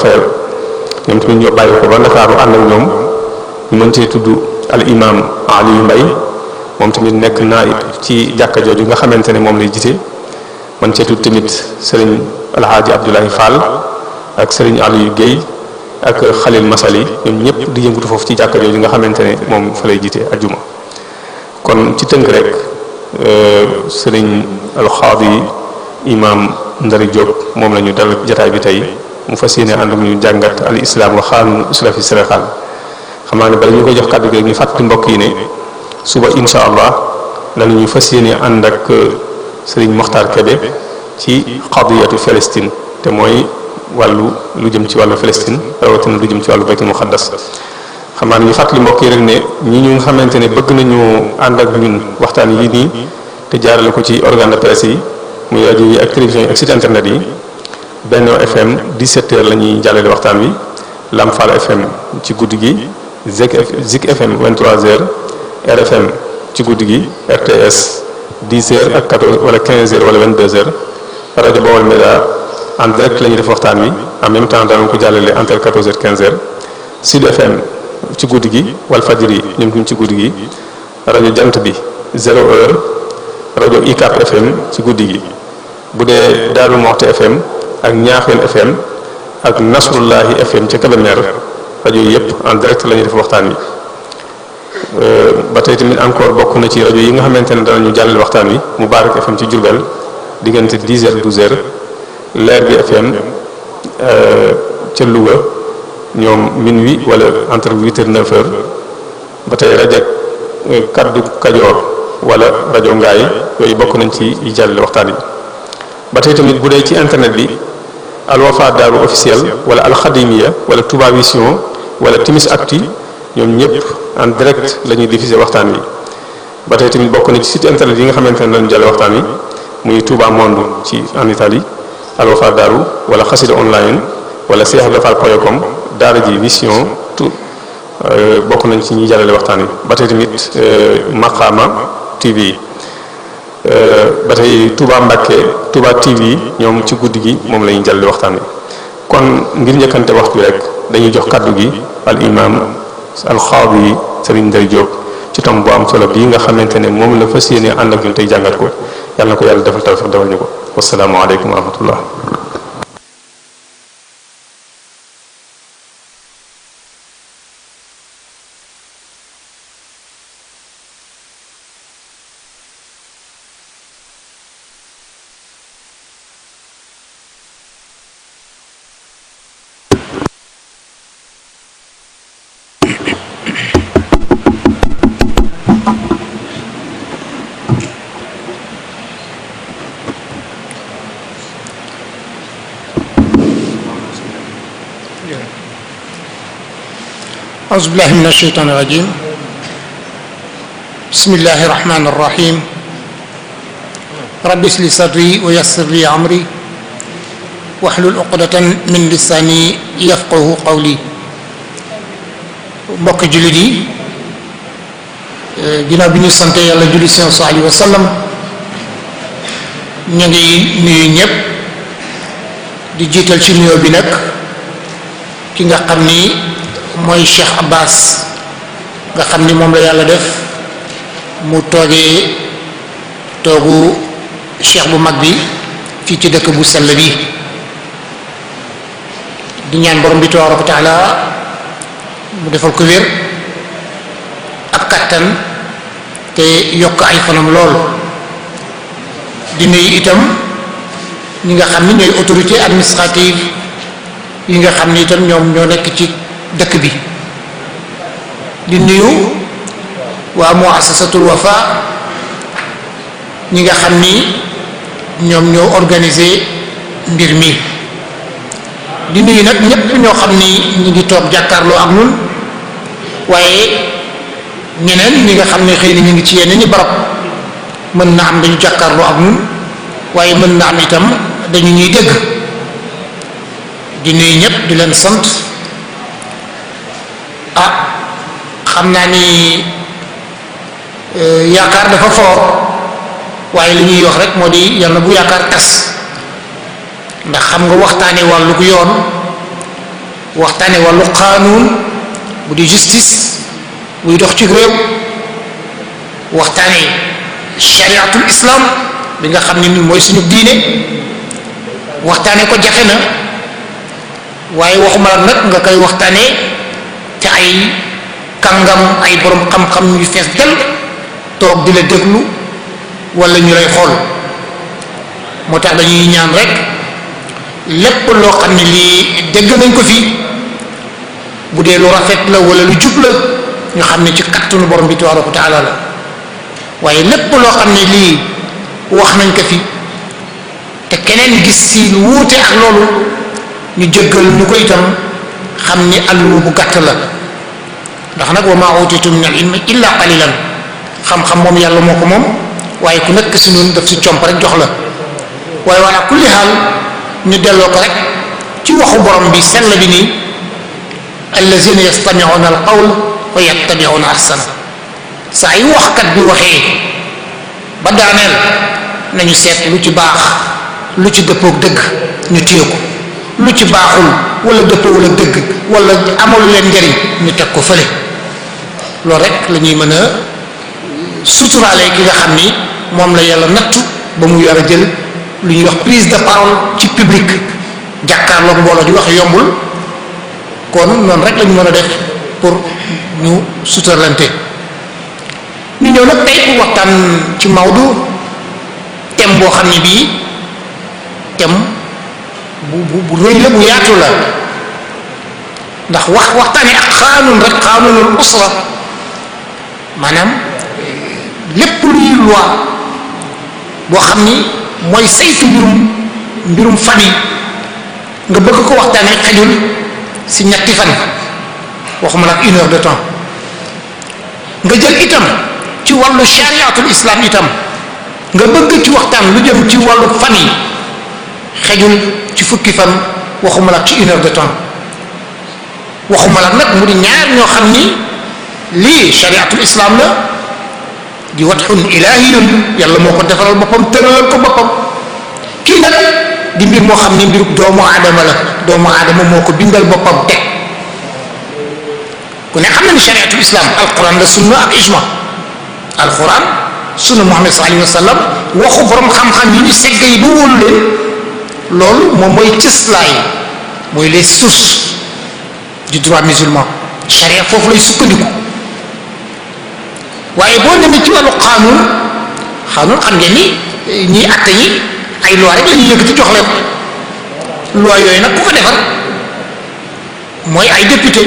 fayal ñoom tamit ñoo bàyyi ko ba Ndakaaru ànd ak ñoom ñu mën cee tudd al imam Aliou Mbaye moom tamit nekk naa ci jàkka jooju nga xamante ne moom lay jite man cee tudd tamit sëriñ alhaaji Abdoulaye Fall ak sëriñ Aliou Guèye ak Khalil Masali ñoom ñëpp di yëngatu foofu ci jàkka jooju nga xamante ne moom fa lay jite ajuma kon ci tënk rek euh, sëriñ alxaadi imam Ndari Diop moom la ñu dal jataay bi tey mu fas yéene ànd ñu jàngat al islam wa xaanun usra fi Sénégal xam naa ne bala ñu koy jox kàddu gi ñu fàttali mbokk yi ne suba incha allah dana ñu fas yéene ànd ak euh, sëriñ Mokhtar Kébé ci qadiyatu Palestine te mooy wàllu lu jëm ci wàllu Palestine rawatina lu jëm ci wàllu baytul muqaddas xam naa ne ñu fàttali mbokk yi rek ne ñu ñu xamante ne bëgg nañu ànd ak ñun waxtaan yi nii te jaarale ko ci organe de presse yi muy rajo ak télévision yi ak site internet yi. Benno FM dix h la ñuy jàllale waxtaan wi Lamfal FM ci guddi gi Zik Zik FM 23h RFM ci guddi gi RTS 10h wala 15h wala 22h rajo Baol Média en direct lañu ñuy def waxtaan wi en même temps danañ ko jàllale entre 14h 15h Sud FM ci guddi gi wala Fajri ñoom tamit ci guddi gi rajo Jant bi 0h rajo UCAB FM ci guddi gi bu dee Darou Moukhty FM. ak ñaaxeen FM ak Nasrullahi FM ca Kébémer rajo yëpp en direct la ñuy def waxtaan wi. Euh, ba tey tamit encore bokk na ci rajo yi nga xamante ne ñu jàllale waxtaan wi Moubarak FM ci Diourbel diggante 10 heures 12 heures Leer bi FM euh, ca Louga ñoom minuit wala entre 8 heures 9 heures ba tey rajo euh, kaddu Kajoor wala rajo Ngaay yooyu bokk nañ ci yi waxtaan wi ba tey tamit bu dee ci internet bi. alwafa daaru officiel wala alxadimiya wala Touba Vision wala Timis Actu ñoom ñëpp en direct la ñuy diffuser waxtaan wi ba tey tamit bokk na ci site internet yi nga xamante ne dañu jàll waxtaan wi muy Touba Monde ci en Italie alwafa daaru wala xasida online wala Cheikh Ibrahima Fall point daara ji vision tout euh, bokk nañ ci ñuy jàllale waxtaan wi ba tey tamit euh, Maqaama TV Euh, ba tey Touba Mbacké Touba TV ñoom ci guddi gi moom la ñuy jàll waxtaan wi kon ngir njëkkante waxtu bi rek dañuy jox kàddu gi al imam al xaabi Serigne Ndeye Diop ci tam boo am solo bii nga xamante ne moom la fas yéene àndak ak tey jàngat ko yàlla na ko yàlla defal tawfiq defal ñu ko wasalaamaaleykum wa rahmatullah أعوذ بالله من الشيطان الرجيم بسم الله الرحمن الرحيم رب اشرح لي صدري ويسر لي أمري واحلل عقدة من لساني يفقه قولي mbokk jullit yi ginnaaw bi ñu sante yàlla julli seen sallallahu wa sallam ñu ngi nuyu ñëpp di jiital ci nuyoo bi nag ki nga xam ni mooy Cheikh Abbas nga xam ni moom la yàlla def mu toogee toogu cheikh bu mag bi fii ci dëkk bu sell bi di ñaan borom bi tabaraka taala mu defal ko wér ak kattan te yokk ay fanam lool di nuyu itam ñi nga xam ni ñooy autorité administrative yi nga xam ni itam ñoom ñoo nekk ci dëkk bi di nuyu waa moo muassasatul wafa ñi nga xam ni ñoom ñoo organiser mbir mi di nuyu nag ñépp ñoo xam ni ñu ngi toog jàkkaarloo am ñun waaye ñeneen ñi nga xam ne xëy na ñu ngi ci yenn ñi barab mën na am dañu jàkkaarloo ak ñun waaye mën na am itam dañu ñuy dégg di nuyu ñëpp di leen sant ah xam naa ni euh, yaakaar dafa foor waaye li ñuy wax rek moo di yàlla bu yaakaar tas ndax xam nga waxtaane wàllu yoon waxtaane wàllu qaanuun bu di justice buy dox ci réew waxtaane shariatul islam bi nga xam ne ni mooy suñu diine waxtaane ko jafe na waaye waxuma la nag nga koy waxtaanee te ay kàngam ay borom xam-xam yu fees del toog di la déglu wala ñu lay xool moo tax dañuy ñaan rek lépp loo xam ne lii dégg nañ ko fi bu dee lu rafet la wala lu jub la ñu xam ne ci kattanu borom bi tabaaraka wa taala la waaye lépp loo xam ne lii wax nañ ko fi te keneen gis si lu ak loolu ñu jéggal ñu ko itam xam ni àll bu gàtt la ndax nag wa maa utitum min al ilmi illa xam-xam moom yàlla moo ko moom waaye ku nekk si ñun daf si comp rek jox la waaye wala kulli xaal ñu delloo ko rek ci waxu borom bi sell bi nii allazina yastami'una al qawl wa yattabi'una ahsana saa yu waxkat bi waxee ba daaneel nañu seet lu ci baax lu ci dëppook dëgg ñu tiye ko lu ci baaxul wala dëppawul ak dëgg wala amalu leen njariñ ñu teg ko fële loolu rek la ñuy mën a suturaale ki nga xam ni moom la yàlla nattu ba muy yar a jël lu ñuy wax prise de parole ci public jàkkaarloog mbooloo di wax yombul kon noonu rek la mën a def pour ñu suturalante ñu ñëw nag tey waxtaan ci Maodo thème boo xam ne bii tem bu bu rëy la bu yaatu la ndax wax waxtaane ak xaanun rek xaanunul usra maanaam lépp luy loi boo xam ni mooy saytu mbirum mbirum famille nga bëgg ko waxtaane xajul si ñetti fan waxuma nag une heure de temps nga jël itam ci wàllu chariatul islaam itam nga bëgg ci waxtaan lu jëm ci wàllu famille xejul ci fukki fan waxuma ci une heure de temps waxuma la nag mu di ñaar ñoo xam ni lii chariatul islam la di watxun ilahiyun yàlla moo ko defaral boppam tëralal ko boppam kii nag di mbir moo xam ni mbirub doomu aadama la doomu aadama moo ko bindal boppam teg ku ne xam na ni chariatul islam alquran la sunna ak ijma alquran sunna muhammad sallallahu alayhi wa waxu borom xam-xam yi ñu segg yi ba wóolu loolu moom mooy cëslaay mooy les sources du droit musulman charia foofu lay sukkandiku waaye boo demee ci wàllu xaanun xaanun xam ngeen ni eh, ñiy atte yi ay loi rek la ñuy yëkkati jox leen yooyu nag ku ko defar mooy ay député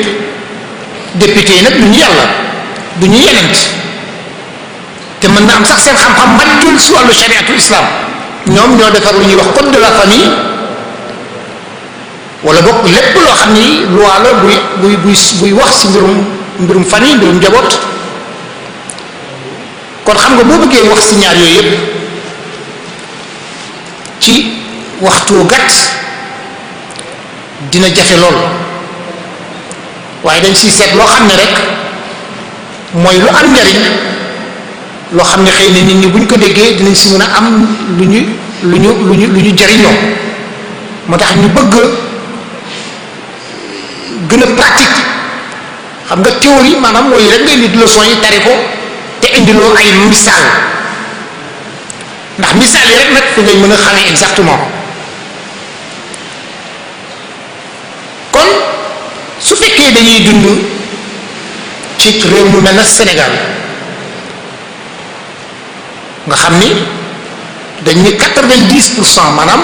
député yi nag du ñu yàlla du ñu yenent te mën na am sax seen xam-xam màccul si wàllu chariatul islam ñoom ñoo defar lu ñuy wax code de la famille wala bokk lépp loo xam ni loi la buy buy buy buy wax ci mbirum mbirum famille mbirum njaboot kon xam nga boo bëggee wax ci ñaar yooyu yépp ci waxtu gat dina jafe lool waaye dañ ciy seet loo xam ne rek mooy lu am njariñ loo xam ne xëy na nit ñi buñ ko déggee dinañ si mën a am lu ñu lu ñu lu ñu lu ñu jariñoo moo tax ñu bëgg gën a pratique xam nga théorie maanaam mooy rek ngay nit leçon yi tari ko te indiloo ay misaal ndax misaal yi rek nag mën a xamee exactement kon su fekkee dañuy dund ci réew mu mel na Sénégal nga xam ni dañ ni quatre-vingt-dix pour cent maanaam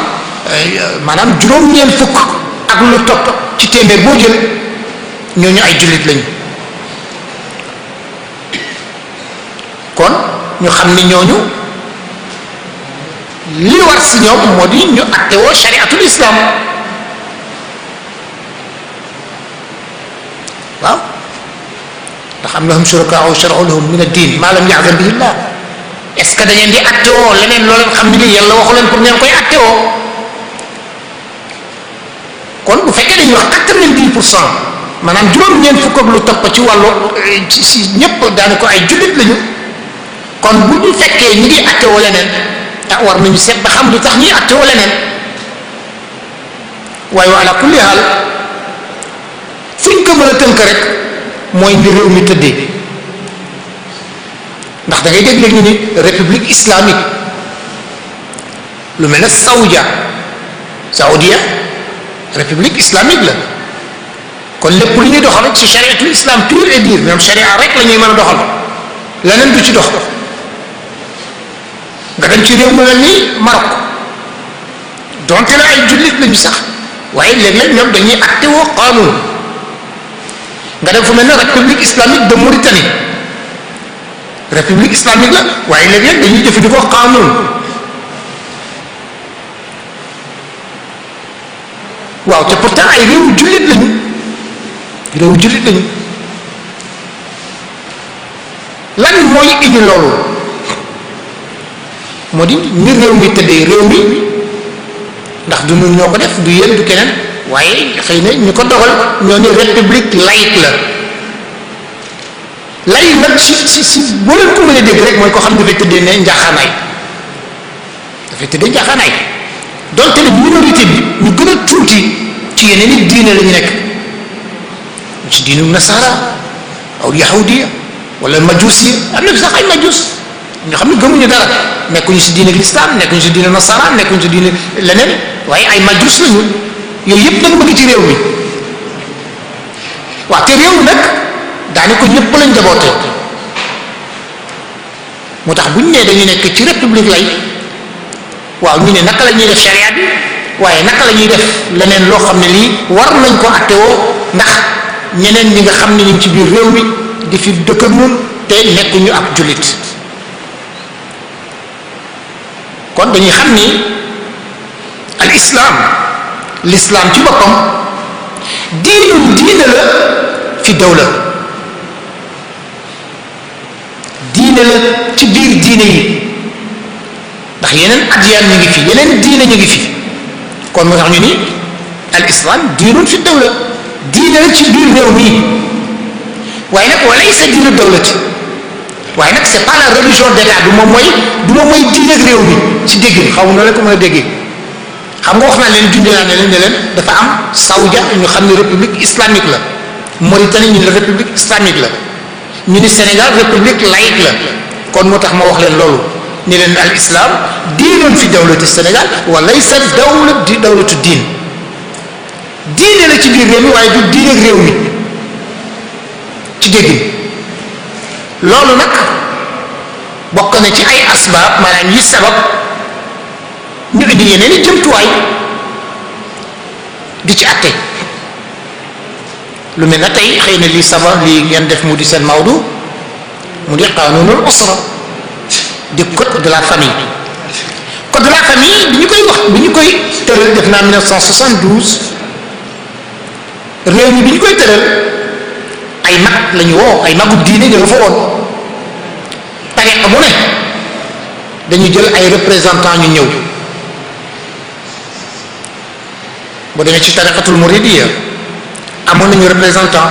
euh, maanaam juróom-ñeent fukk ak topp ci téeméer boo jël ñooñu ay jullit lañu kon ñu xam ni ñooñu li war si ñoom moo di ñu attewoo shariatul islam waaw ndax am lahum shurakaa'u shar'u lahum min ma lam ya'zan bihi Allah est-ce que da ngeen di attewoo leneen loo leen xam ne lii yàlla waxu pour ngeen koy attewoo kon bu fekkee dañuy wax pour cent maanaam juróom-ñeent fukk ak lu topp ci wàllu ci ñëpp daanaka ay jullit lañu kon bu ñu fekkee ñi ngi attewoo leneen ah war nañu seet ba xam lu tax ñuy attewoo leneen waaye wa ala kulli haal fuñ ko mën a tënk rek mooy ni réew mi tëddee. ndax da ngay dégg léegi ñu ne république lu mel ne Saoudia Saoudia république islamique la kon lépp lu ñuy doxal ci chariatul islam pur et dur ñoom charia rek lañuy ñuy mën a doxal leneen du ci dox nga dem ci réew mu ni Maroc donte la ay jullit lañu sax waaye léeg-léeg ñoom dañuy acté woo qanun nga dem fu mel ne république islamique de Mauritanie. république islamique la waaye léeg-léeg dañuy jëfandikoo xaanuun waaw te pourtant ay réewu jullit lañu réewu jullit lañu lan mooy indi loolu moo di ni réew mi tëddee réew mi ndax du ñun ñoo ko def du yéen du keneen waaye xëy na ñu ko dogal ñoo ne république laïque la lay nag si si si boo leen ko mënee dégg rek mooy koo xam ne dafay tëddee ne njaaxaanaay dafay tëddee njaaxaanaay donte ne bi ñu gën a tuuti ci yeneen i diine la ñu nekk ci a nasara aw yahudiya wala majusiya am na sax ay majus ñoo xam ne gëmuñu dara nekkuñu si diine lislaam nekkuñu si diine nasara nekkuñu si diine leneen waaye ay majus lañu yooyu yëpp dañu bëgg ci réew mi waaw te réew nag. daani ko ñëpp lañ jaboote moo tax bu ñu nee dañu nekk ci république lay waaw ñu ne naka la ñuy def charia bi waaye naka lañuy ñuy def leneen loo xam ne lii war nañ ko attewoo ndax ñeneen bi nga xam ne ñu ci biir réew mi di fi dëkk ak ñun te nekkuñu ab jullit kon dañuy xam ni al lislaam ci boppam diinul diina la fi dawla diine la ci biir diina yi ndax yeneen adyaan ñu ngi fi yeneen diine ñu ngi fi kon moo tax ñu ni al islam diinun fi dawla diine la ci biir réew mi waaye nag wala sa diinu dawlati waaye nag c'est pas la religion d'état du moom mooy du moom mooy diine mi ci dégg xaw ma la ko mën a déggee xam nga wax naa leen junj naa ne leen ne leen dafa am Saoudia ñu xam ne république islamique la Mauritanie ñu ne république islamique la. ñu ni Sénégal république laïque la kon moo tax ma wax leen loolu ni leen al islam diinun fi dawlati Sénégal wa laysa dawla di dawlatu diin diine ci biir réew mi waaye du réew mi ci déggin loolu nag bokk na ci ay asbaab maanaam yi sabab ñu indi yeneen i jëmtuwaay di ci atte lu mel na tey xëy na lii saba lii ngeen def mu di seen mawdu mu di qanunul usra di code de la famille code de la famille bi ñu koy wax bi ñu koy tëral def naa 1972 réew mi bi ñu koy tëral ay mag la ñu woo ay magu diine ñu nga woon tariqa mu ne dañu jël ay représentant ñu ñëw boo demee ci tariqatul muridiyya amoon nañu représentant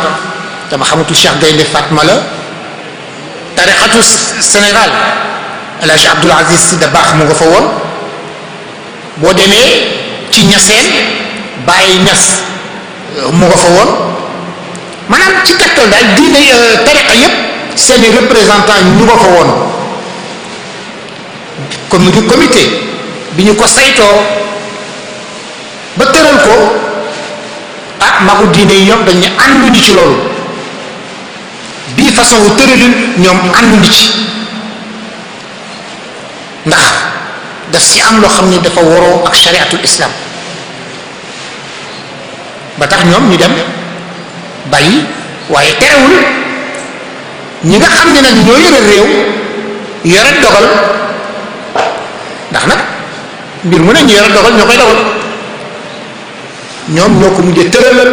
dama xamatul Cheikh Gaynde Fatma la tarixatu Sénégal El Hadj Abdoul Aziz Sy Dabakh mu nga fa woon boo demee ci ñaseen Baye Ñas euh, mu nga fa woon maanaam ci kattan daal diine euh, tariqa yépp seeni représentant ñu nga fa woon comité bi ñu ko saytoo ba tëral ko ah magu diine yi ñoom dañu ànduñu ci loolu bii façon wu tëralin ñoom ànduñu ci ndax daf si am loo xam ni dafa waroo ak shariatul islam ba tax ñoom ñu dem bàyyi waaye terewul ñi nga xam ne nag ñoo yore réew yore dogal ndax nag mbir mu ne ñu yore dogal ñoo koy dogal ñoom ñoo ko mujjee tëralal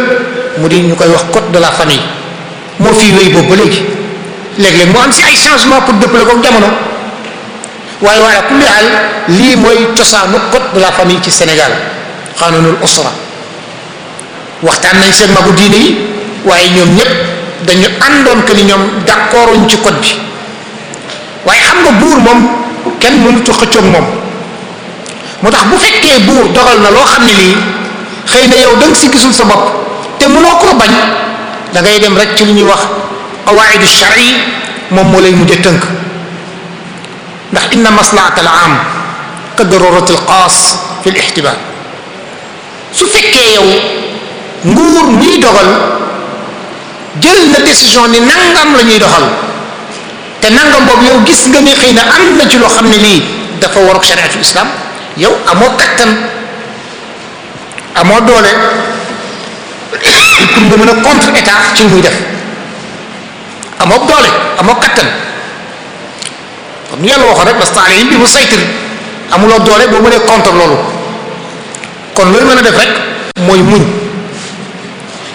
mu di ñu koy wax code de la famille moo fii wéy boobu ba léegi léeg-léeg moo am si ay changement pour dëppale ko jamono waaye waaye ku leexal lii mooy cosaanu code de la famille ci Sénégal xaanunul usra waxtaan nañ seen magu diine yi waaye ñoom ñëpp dañu àndoon que ni ñoom d'accorduñ ci code bi waaye xam nga buur moom kenn mënutu xëccoog moom moo tax bu fekkee buur dogal na loo xam ne lii xëy na yow da nga si gisul sa bopp te mënoo koo bañ da ngay dem rek ci li ñuy wax qawaidu shari moom moo lay mujj tënk ndax inna maslahat al am ka darurat al xaas fi l su fekkee yow nguur ñuy dogal jël na décision ni nangam la ñuy doxal te nangam boobu yow gis nga ni xëy na am na ci loo xam ne lii dafa waruk chariatul islam yow amoo kattan amoo doole pour nga mën a contre état ci nguy def amoo doole amoo kattan comme yàlla waxoon rek astaaleihim bi mu saytir amuloo doole boo mënee contre loolu kon looy mën a def rek mooy muñ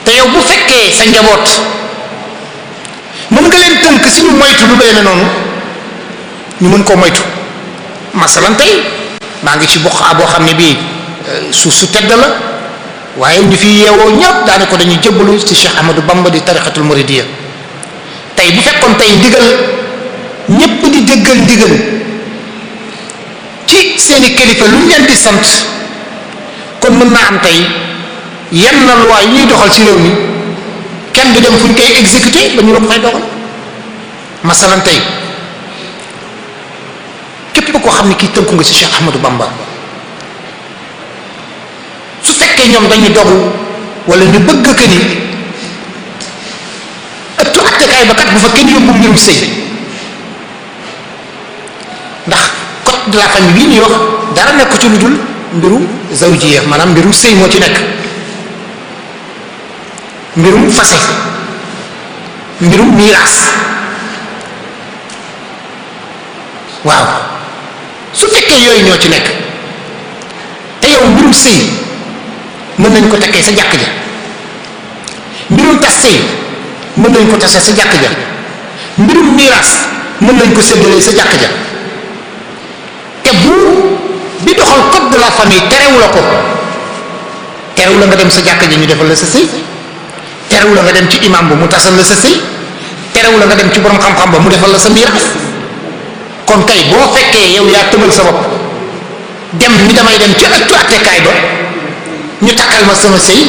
te yow bu fekkee sa njaboot mën nga leen tënk si ñu moytu lu demee noonu ñu mën koo moytu masalan tey maa ngi ci boq boo xam ne bii. suuf su tedd la waaye ñu fi yeewoo ñëpp daane ko dañuy jëbbalu ci Cheikh Ahmadou Bamba di tarixatul muridiyya tey bu fekkoon tey ndigal ñëpp di déggal ndigal ci seeni kilifa lu ñu leen di sant kon mën naa am tey yenn loi yi ñuy doxal ci réew mi kenn du dem fu ñu koy exécuter dañu la ko fay doxal masalan tey képp koo xam ne kii tënku nga ci Cheikh Ahmadou Bamba fekkee ñoom dañuy dogu wala ñu bëgg que ni ëttu ba kat bu fa kenn yóbbu mbirum sëy ndax code de la famille bi ñuy wax dara nekk ci lu dul mbiru zawjiya maanaam mbiru sëy moo ci nekk mbiru fase mbirum miiraas waaw su fekkee yooyu ñoo ci nekk te yow mbirum sëy mën nañ ko takkee sa jàkk ja mbirum tas sëy mën nañ ko tase sa jàkk ja mbirum miraas mën nañ ko séddalee sa jàkk ja te bu bi doxal code de la terewu la ko terewu la nga dem sa jàkk ja ñu defal la sa sëy terewu la nga dem ci imam ba mu tasal la sa sëy terewu la nga dem ci borom xam-xam ba mu defal la sa miraas kon kay boo fekkee yow yaa tëmal sa bopp dem ni damay dem ci ëttu attekaay ba ñu takkal ma sama sëy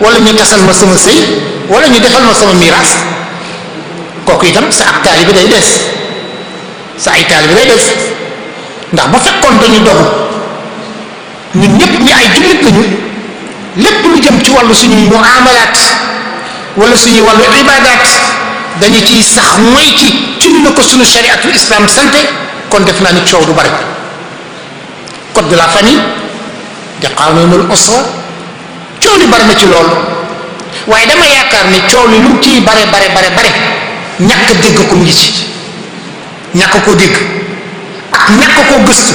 wala ñu tasal ma sama sëy wala ñu defal ma sama miraas kooku itam sa ak taalibe day des sa ay taalibe day des ndax ba fekkoon dañu dogu ñun ñëpp ñu ay jullit lañu lépp lu jëm ci wàllu suñuy muamalaat wala suñuy wàllu ibaadaat dañu ciy sax mooy ci cin na ko suñu chariatul islam santé kon def naa ni coow du bari code de la famille di qanunul usra coow li bari na ci lool waaye dama yaakaar ne coow li lu kii bare bare bare bare ñàkk dégg ko mu ngi ñàkk koo dégg ak ñàkk koo gëstu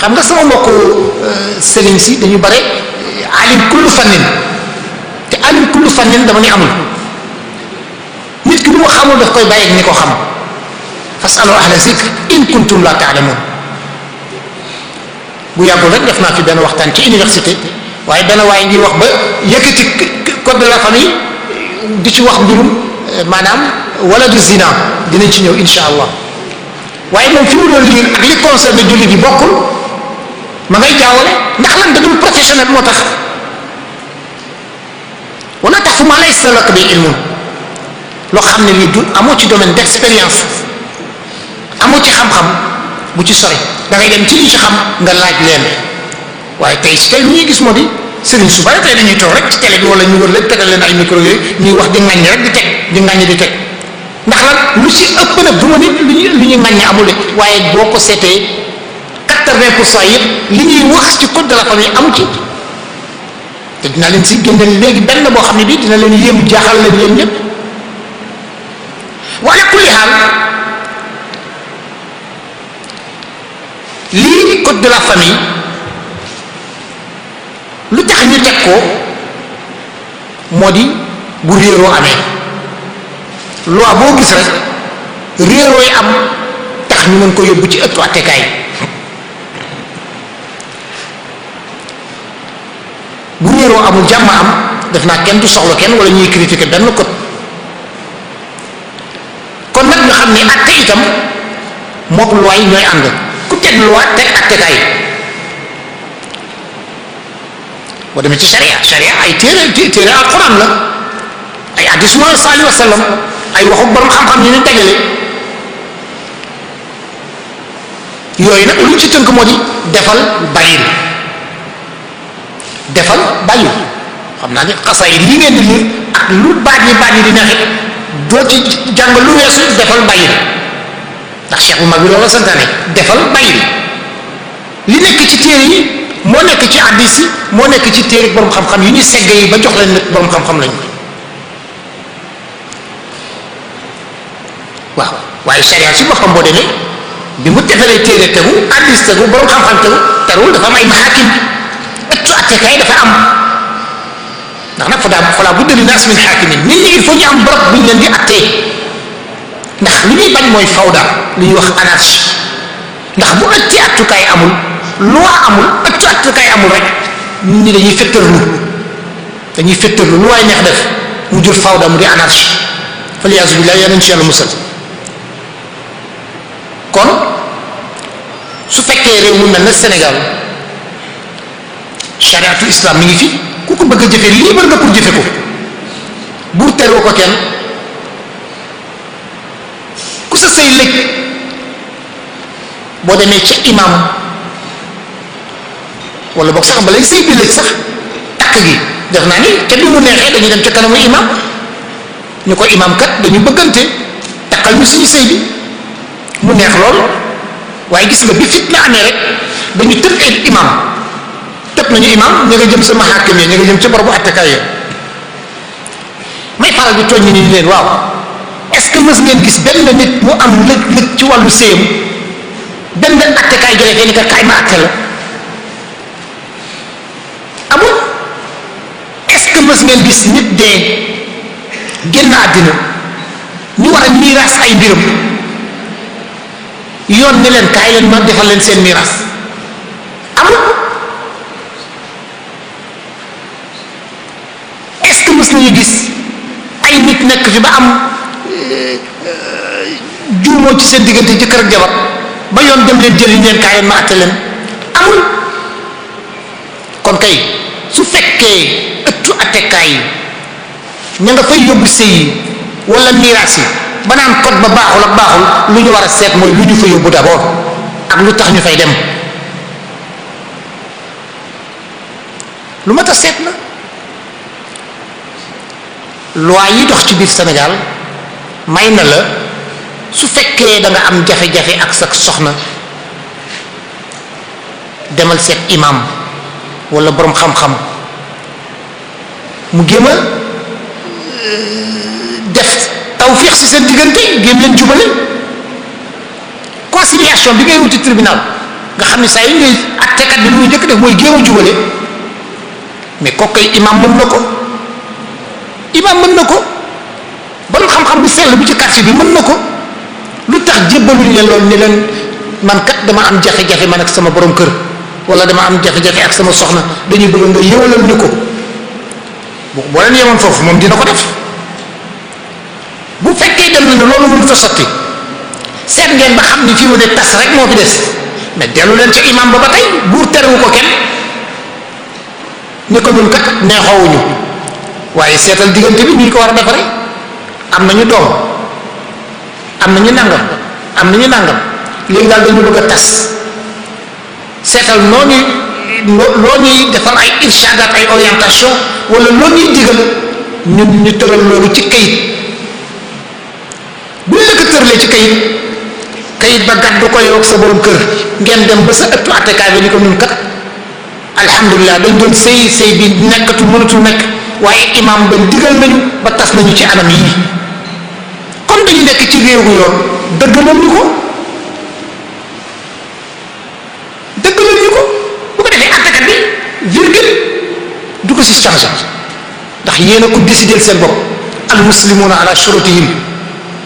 xam nga sama mbokk euh, sëriñ si dañu bare alim kullu fannin te alim kullu fannin dama ne amul nit ki lu mu xamul daf koy bàyyi ak ko xam fasalu ahla zikr in kuntum la taalamun bu yàggul rek def naa fi benn waxtaan ci université waaye benn waaye ngi wax ba yëkkati code de la famille di ci wax mbirum euh, maanaam wala du zina dinañ ci ñëw insha allah waaye moom fi mu doon liggéey ak li concerné jullit yi bokkul ma ngay jaawale ndax lan da dul professionnel moo tax wala tax fu ma lay salak bi ilmu loo xam ne ni du amoo ci domaine d'expérience amoo ci xam-xam bu ci sori da ngay dem ci li ci xam nga laaj leen waaye tey si tey lu ñuy gis moo di sëriñ su bari tey dañuy toog rek ci télé bi wala ñu wër lañ tegal leen ay micro yooyu ñuy wax di ŋàññi rek di teg di ŋàññi di teg ndax lan lu si ëpp nag du ma nit lu ñuy lu ñuy ŋàññi amul waaye boo ko seetee quatre-vingt pour cent yëpp li ñuy wax ci code de la famille amu ci te dinaa leen si génneel léegi benn boo xam ne bi dina leen yéem jaaxal leen yéen ñëpp wala kulli xaal lii code de la famille lu tax ñu teg ko moo di bu réeroo amee loi boo gis rek réeroo yi am tax ñu mën ko yóbbu ci ëttu attekaay bu réeroo amul jàmm am def naa kenn du soxla kenn walla ñuy critiquer benn code kon nag ñu xam ne atte itam mook loi yi ñooy ànd ku teg loi teg attekaay boo demee ci sharia sharia ay téere téere alquran la ay addis wa sallallahu alayhi wa sallam ay waxu borom xam-xam ñu ne dajale yooyu nag lu ci tënk moo di defal bàyyil defal bàyyil xam naa ne xasaay li ngeen di lii ak lu baat yi di neexit doo ci jàng lu weesu defal bàyyil ndax cheikh bu mag bi loolu la santaane defal bàyyil li nekk ci téere moo nekk ci addis yi moo nekk ci téere borom xam-xam yi ñu segg yi ba jox leen nag xam-xam nañu waaw waaye si ci xam boo demee bi mu tegalee téere tegu addis tegu borom xam-xam tegu tarul dafa am ay maxaakim ëttu attekaay dafa am ndax nag fa daa falaa budda li naas min xaakimin nit ñi il faut ñu am borom bu ñu leen di attee ndax li ñuy bañ mooy fawda li ñuy wax anarchie ndax bu ëttee attukaay amul. loi amul ëttu attukaay amul rek nit ñi dañuy fettarlu dañuy fettarlu lu waay neex def mu jur fawda mu di anarchie faliyaasu billaah yaa nañ ci yàlla kon su fekkee réew mu na na Sénégal chariatul islam mi ngi fi ku ko bëgg a jëfe libre nga pour jëfe ko buur teroo ko kenn ku sa sëy lëg boo demee ca imam wala boog sax ba lay sëy bi sax takk gi def naa ni te bi mu neexee dañuy dem ca kanamu imam ñu ko imam kat dañu bëggante takkal ñu suñu sëy bi mu neex lool waaye gis nga bi fitna amee rek dañu tëb ay imam tëb nañu imam ña nga jëm sama maxaakim ya ña nga jëm ci barabu attekaay ya may faral di tooñ ni leen est-ce que mës ngeen gis benn nit mu am lëg lëg ci wàllu sëyam benn attekaay jëlee fee ni kaay ma atte la amul est-ce que mës ngeen gis nit dee génn àddina ñu war a miiras ay mbiram yoon ne leen kaay leen ma defal leen seen miiras amul est-ce que mës nañu gis ay nit nekk fi ba am euh, euh, juumoo ci seen diggante jëkkër ak jabar ba yoon dem leen jël yi leen kaay leen ma àtte leen amul kon kay su fekkee ëttu attekaay ña nga fay yóbbu sëy yi wala miraas yi ba naan code ba baaxul ak baaxul lu ñu war a seet mooy lu ñu fa yóbbu d'abord ak lu tax ñu fay dem lu mat a seet la loi yi dox ci biir Sénégal may na la su fekkee danga am jafe-jafe ak sa soxna demal seet imam wala boroom xam-xam mu géem a euh, def tawfiix si seen diggante géem leen jubale conciliation bi ngay wuti tribunal nga xam ne saa yi ngay attekat bi lu muy njëkk def mooy géem a jubale mais kooku koy imam mën na ko imam mën na ko borom xam-xam bu sell bu ci quartier bi mën na ko lu tax jébbaluñ leen loolu ne leen man kat dama am jafe-jafe man ak sama borom kër wala dama am jafe-jafe ak sama soxna dañuy bëgg nga yëwalal ñu ko boo leen yemoon foofu moom dina ko def bu fekkee dem na loolu mun fa sotti seet ngeen ba xam ni fii mu de tas rek moo fi des mais dellu leen ca imam ba ba tey buur terewu ko kenn ni ko ñun kat neexoowuñu waaye seetal diggante bi ñu ko war a defaree am nañu doom am nañu nangam am na nañu nangam léegi daal dañu bëgg a tas seetal noo ñuy loo ñuy defal ay irshadaat ay orientation wala loo ñuy digal ñun ñu tëral loolu ci kayit bu ñu tëralee ci kayit kayit ba gàddu ko yow sa borom kër ngeen dem ba sa ëttu attekaay bi ni ko nun kat alhamdulilah dañ doon sëy sëy bi nekkatu mënatu nekk waaye imam bañ digal nañu ba tas nañu ci anam yi kon dañu nekk ci réew yoon dëgg nañu ko ñu ko bu ko defee du ko si changé ndax yéen a ko décidé seen bopp al muslimuna ala shurutihim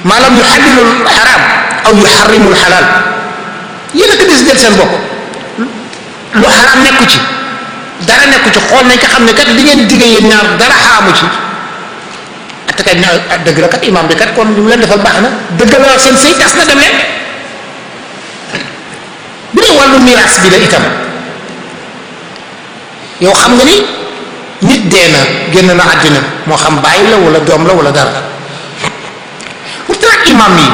maanaam yu xallilul xaraam aw yu xarrimul xalaal yéen a ko décidé seen bopp lu xaraam nekku ci dara nekku ci xool nañ ko xam ne kat li ngeen diggee yéen ñaar dara xaraamu ci attakat bi ah, dëgg la kat imaam bi kat kon mu leen defal baax na dëgg la seen tas na dem bu dee wàllu miraas bi la itam yow xam nga ni nit dee na génn na àddina moo xam bàyyi la wala doom la wala dara pourtant imam yi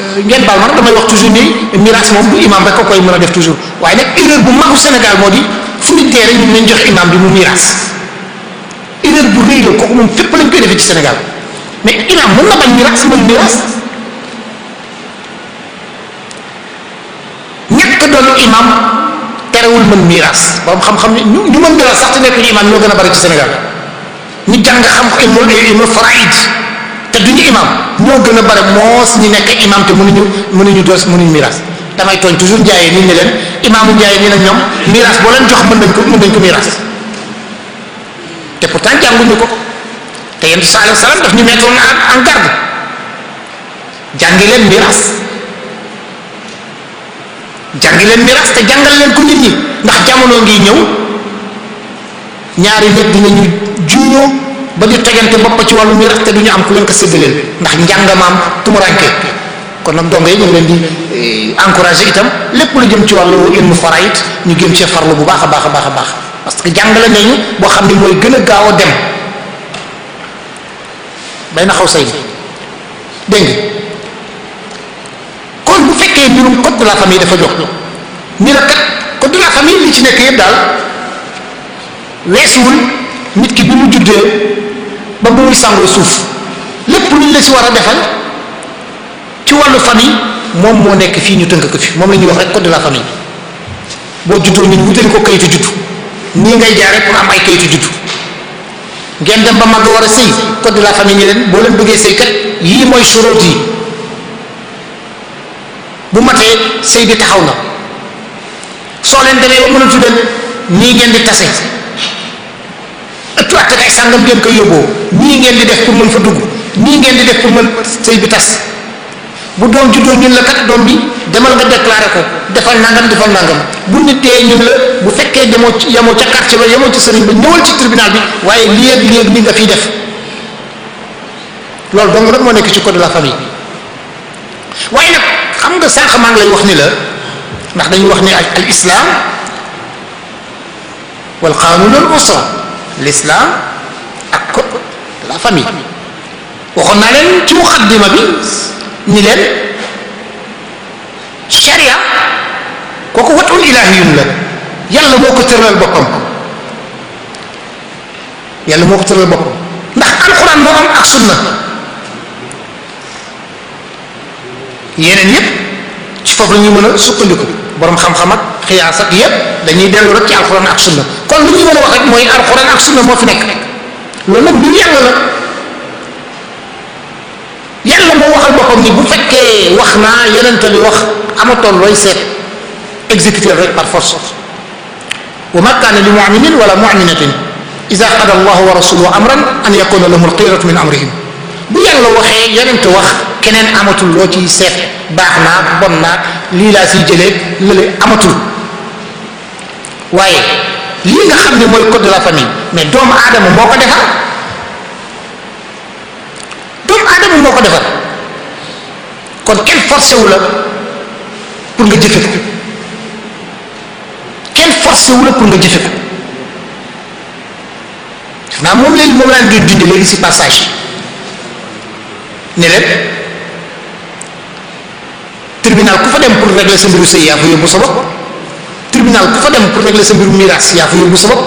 euh, ngeen baal ma nag damay wax toujours ni miraas moom bu imam rek ko koy mën a def toujours waaye nag erreur bu magu Sénégal moo di fu nit dee rek ñu leen jox imam bi mu miraas erreur bu rëy la kooku moom fépp lañ koy defee ci Sénégal mais imam mën na bañ miraas mën miraas doonu imam terewul mën miiras borom xam-xam ñu ñu mën miiras sax te nekkuñu imam ñoo gën a bari ci Sénégal ñu jàng xam ilmul ilmul faraid te duñu imam ñoo gën a bari moos ñu nekk imam te mënuñu mënuñu doos mënuñu miiras damay tooñ toujours njaayee nit ñi leen imaamu njaayee nii nag ñoom miiras boo leen jox mën nañ ko mën nañ ko miiras te pourtant jànguñu ko te yéen sallallahu alayhi wasallam daf ñu mettre en garde jàngi leen miiras jàngi leen miraas te jàngal leen ko nit ñi ndax jamono ngi ñëw ñaari nit dinañu juuñoo ba di tegante bopp ci wàllu miraas te du ñu am ku leen ko séddaleen ndax njàngamaam tumuranke kon nag dongo yi ñu ngi leen di eh, encouragé itam lépp lu jëm ci wàllu ilmu faraid ñu gëm ci farlu bu baax a baax a baax a baax parce que jàngale nañu boo xam ne mooy gën a gaaw a dem bay na xaw say dégg liggéey mbirum code de la dafa jox ñu ne kat code de li ci nekk yëpp daal weesuwul nit ki bi mu juddee ba bu muy sàngoo suuf lépp luñ la si war a defal ci wàllu famille moom moo nekk fii ñu tënk ko fi moom la ñuy wax rek code de la famille boo juddoo ñu wutali ko kayitu juddu nii ngay jaaree pour am ay kayitu juddu ngeen dem ba màgg war a sëy code de ñi leen boo leen bëggee sëy kat mooy sorot yi bu matee sëy bi taxaw na soo leen demee ba mënatu leen nii ngeen di tase ëttu attekaay sàngam ngeen koy yóbboo nii ngeen di def pour mën fa dugg nii ngeen di def pour mën sëy bi tas bu doom juddoo ñun la kat doom bi demal nga déclaré ko defal nangam defal nangam bu nit dee ñun la bu fekkee ci yemoo ca quartier ba yemoo ci sëriñ ba ñëwal ci tribunal bi waaye léegi léegi ni nga fiy def loolu donc nag moo nekk ci code de la famille waaye nag xam nga sànq maa ngi lay wax ni la ndax dañuy wax ni al islam wal qanunul usra l'islam ak ko la famille waxoon naa leen ci muqaddima bi ni leen sharia kooku watul ilahiyun la yàlla moo ko tëralal boppam yàlla moo ko tëralal boppam ndax alquran moo am ak sunna yeneen yépp ci foofu la ñuy mën a sukkandiku borom xam-xam ak xiyaas ak yépp dañuy dellu rek ci alxuraan ak sunna kon lu ñu mën a wax rek mooy alxuraan ak sunna moo fi nekk loolu nag du yàlla la yàlla moo waxal boppam ni bu fekkee wax naa yonente bi wax amatoon looy seet exécuté rek par force wa ma kaana li muminin wala muminatin ida qada allahu wa rasuluhu amran an yakuna lahum alxiyaratu min amrihim bu yàlla waxee yonent wax keneen amatul loo ciy seet baax naa bon naa lii laa si jëlee lële amatul waaye lii nga xam ne mooy code de la famille mais doomu aadama moo ko defar doomu aadama moo ko defar kon kenn forcé wu la pour nga jëfe ko kenn forcé wu la pour nga jëfe ko naa moom leen moom laa ngi dindi léegi si passage ni leen ku fa dem pour régler sa mbiru sëy yaa fa yóbbu sa bopp tribunal ku fa dem pour régler sa mbiru miraas yaa fa yóbbu sa bopp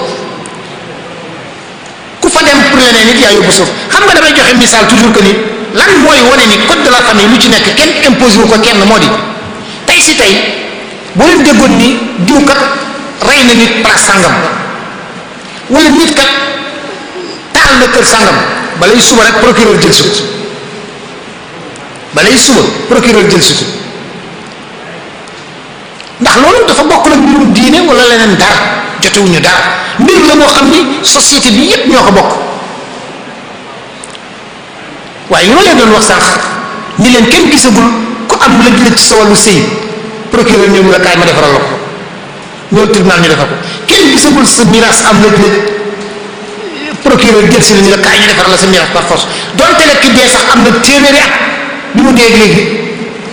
ku fa dem pour leneen nit yaa yóbbu sa xam nga damay joxe misaal toujours que ni lan mooy wane ni code de la famille lu ci nekk kenn imposé wu ko kenn moo di tey si tey boo leen déggoon ni diw kat rey na nit place sàngam wala nit kat taal na kër sàngam balay suba rek procureur jël suuf. balay suba procureur jël si ko ndax loolu dafa bokk nag mbirum diine wala leneen dara jotewuñu dara mbir la moo xam ni société bi yépp ñoo ko bokk waaye ñoo leen doon wax sànq ñi leen kenn gisagul ku am lëj lëj sa wàllu sëy procureur la kaay ma defaral la ko ñëw ñu defal ko kenn gisagul sa miraas am lëj lëj procureur jël si ñu la kaay ñu defaral la sa miraas par force donte la dee sax am na téeméeri at bi mu dee léegi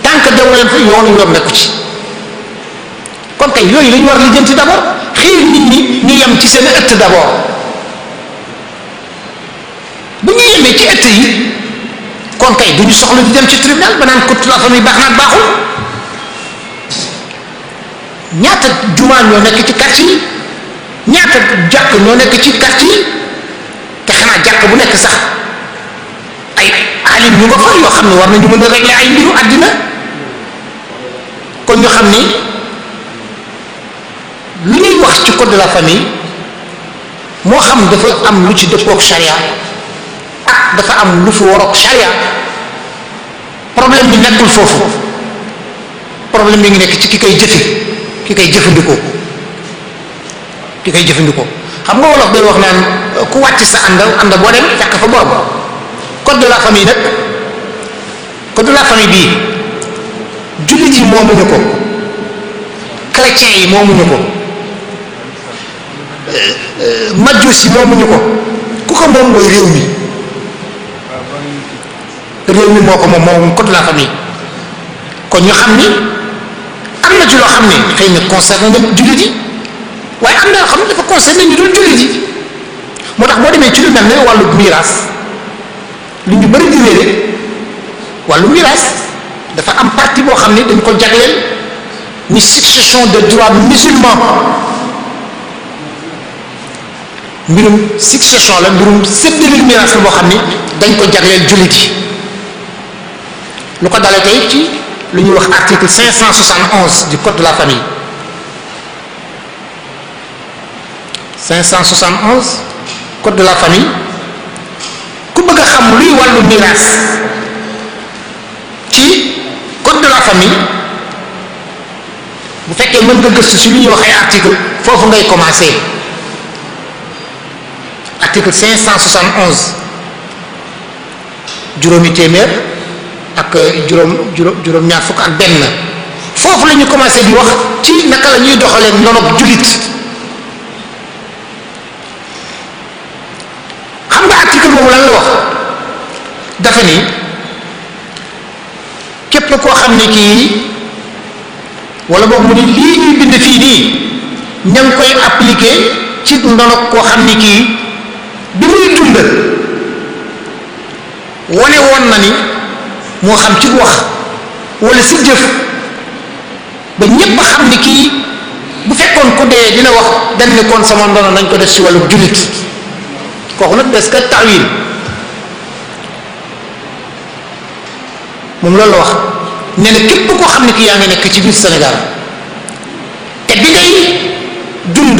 tànk demu leen fa yoonu ñoom nekku ci kon kay yooyu lañu war lijjanti d'abord xiir nit ñi ñu yem ci seen ëtt d'abord bu ñu yemee ci ëtt yi kon kay du ñu soxla di dem ci tribunal ba naan code de la famille baax na baaxul ñaata jumaa ñoo nekk ci quartier yi ñaata jàkk ñoo nekk ci quartier ci te xanaa jaq bu nekk sax taalim ñu nga fa yoo xam ne war ñu nañu mën a régler ay mbiru àddina kon ñu xam ni lu ñuy wax ci code de la famille moo xam dafa am lu ci dëppook charia ak dafa am lu fi warook charia problème bi nekkul foofu problème bi ngi nekk ci ki koy jëfe ki koy jëfandikoo ki koy jëfandikoo xam nga wolof day wax naan ku wàcc sa ànd ànd boo dem fekk fa borom code de la famille nag code de la bii jullit yi moomuñu ko chrétien yi moomuñu ko euh, euh, majus yi moomuñu ko ku ko moom mooy réew mi réew mi moo ko moom moom code de la famille kon ñu xam ni am na ci loo xam ne xëy na concerné na jullit yi waaye am na loo xam ne dafa concerné ñu dul jullit yi moo tax moo demee ci lu mel ne wàllu miraas lu ñu bëri di réere wàllu miraas dafa am partie boo xam ne dañ ko jagleel ni succession de droit musulman mbirum succession la mbirum séddale miraas la boo xam ne dañ ko jagleel jullit yi lu ko dalee ci lu ñuy wax article 571 du code de la famille 571 code de la famille bëgg a xam luy wàllu miraas ci code de la famille bu fekkee mën nga gëstu si lu ñuy waxee article foofu ngay commencé article 571 juróomi téeméer ak juróom juróom juróom-ñaar fukk ak benn foofu la ñu commencé di wax ci naka la ñuy doxalee noonu ak jullit wax dafa ni képp koo xam ne kii wala boog ni lii ñuy bind fii nii ña koy appliquer ci ndono koo xam ne kii bi muy dund wane woon na ni moo xam ci wax wala si jëf ba ñépp xam ni kii bu fekkoon ku dee dina wax dañ ne sama ndono nañ ko def ci wàllu jullit kooku nag des que tawil moom loolu la wax nee na képp koo xam ne kii yaa ngi nekk ci biir Sénégal te bi ngay dund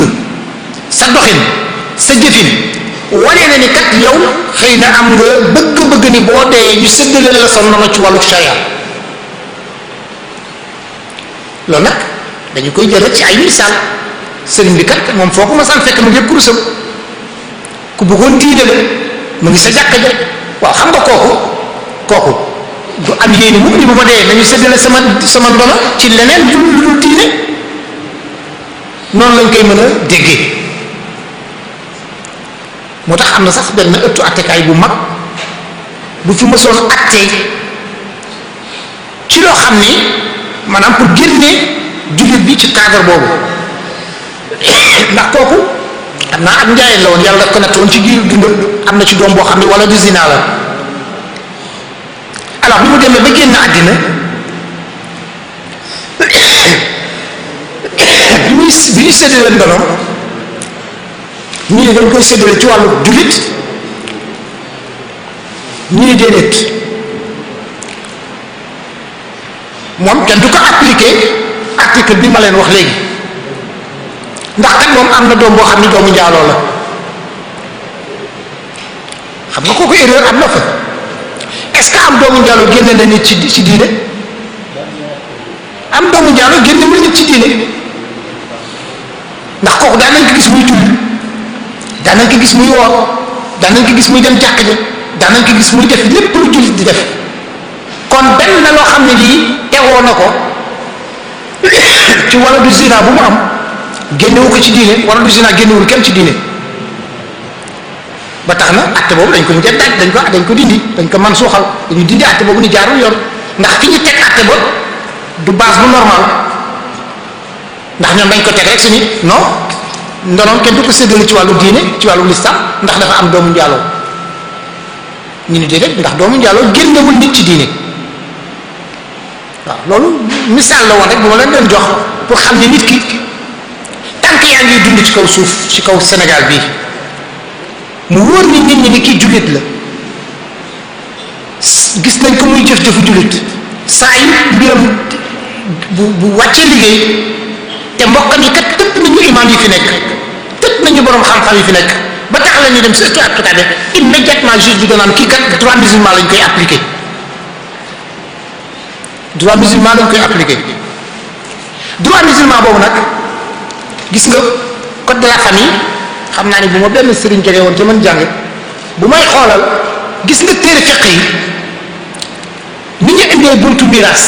sa doxin sa jëfin wane na ni kat yow xëy na am nga bëgg-bëgg ni boo dee ñu séddale la sa ndono ci wàllu charia loolu nag dañu koy jël rek ci ay misaal sëriñ bi kat moom foo ko masaan fekk mu ku bëggoon tiitale mu ngi sa xam nga kooku kooku bu am yéene mukk ni bu ma dee nañu séddale sama sama ndono ci leneen lu lu dul diine noonu lañ koy mën a dégge moo tax am na sax benn ëttu attekaay bu mag bu fi mësoon attee ci loo xam ni maanaam pour génne jullit bi ci cadre boobu ndax kooku am naa am njaayeen la woon yàlla daf ko natt woon ci giiru dund am na ci doom boo xam ne wala du sinaa la alors bi mu demee ba génn àddina bi muy bi ñu séddale ndono ñii dañ koy séddale ci wàllu jullit ñii déedéet moom kenn du ko appliqué article bi ma leen wax léegi ndax kat moom am na doom boo xam ni doomu njaaloo la xam nga kooku erreur am na fa est-ce que am doomu njaaloo génne la nit ci ci diine am doomu njaaloo génne nit ci diine ndax kooku daan nañ ko gis muy julli daan nañ ko gis muy woor daan nañ ko gis muy dem jàkk ji daan nañ ko gis muy def lépp lu jullit di def kon benn na loo xam ne lii tegoo na ko ci wala du zina bu mu am génnewu ko ci diine wala du zina génnewul kenn ci diine ba tax na atte boobu dañ ko mujjee daaj dañ ko dañ ko dindi dañ ko man suuxal dañu dindi atte boobu ni jaarul yoon ndax fi ñu teg atte ba du base bu normal ndax ñoom dañ ko teg rek suñu non ndonoon kenn du ko séddale ci wàllu diine ci wàllu lislam ndax dafa am doomu njaaloo ñu ni déedéet ndax doomu njaaloo génnewul nit ci diine waaw loolu misaal la woon rek bu ma leen doon jox pour xam ne nit ki tant que yaa dund ci kaw suuf ci kaw Sénégal bii mu wóor nit ñi ni kii jullit la gis nañ ko muy jëf-jëfu jullit saa yi mbiram bu bu wàccee liggéey te mbokkam yi kat tëpp nañu imaam yi fi nekk tëpp nañu borom xam-xam yi fi nekk ba tax la ñu dem surtout ak tutaabe immédiatement juge bi doon am kii kat droit musulman lañ koy appliqué droit musulman lañ koy appliqué droit musulman boobu nag gis nga code de la famille. xam naa ni bu ma benn sëriñ jógee woon ci man jàng bu may xoolal gis nga téere fiq yi ni ñu indee buntu miraas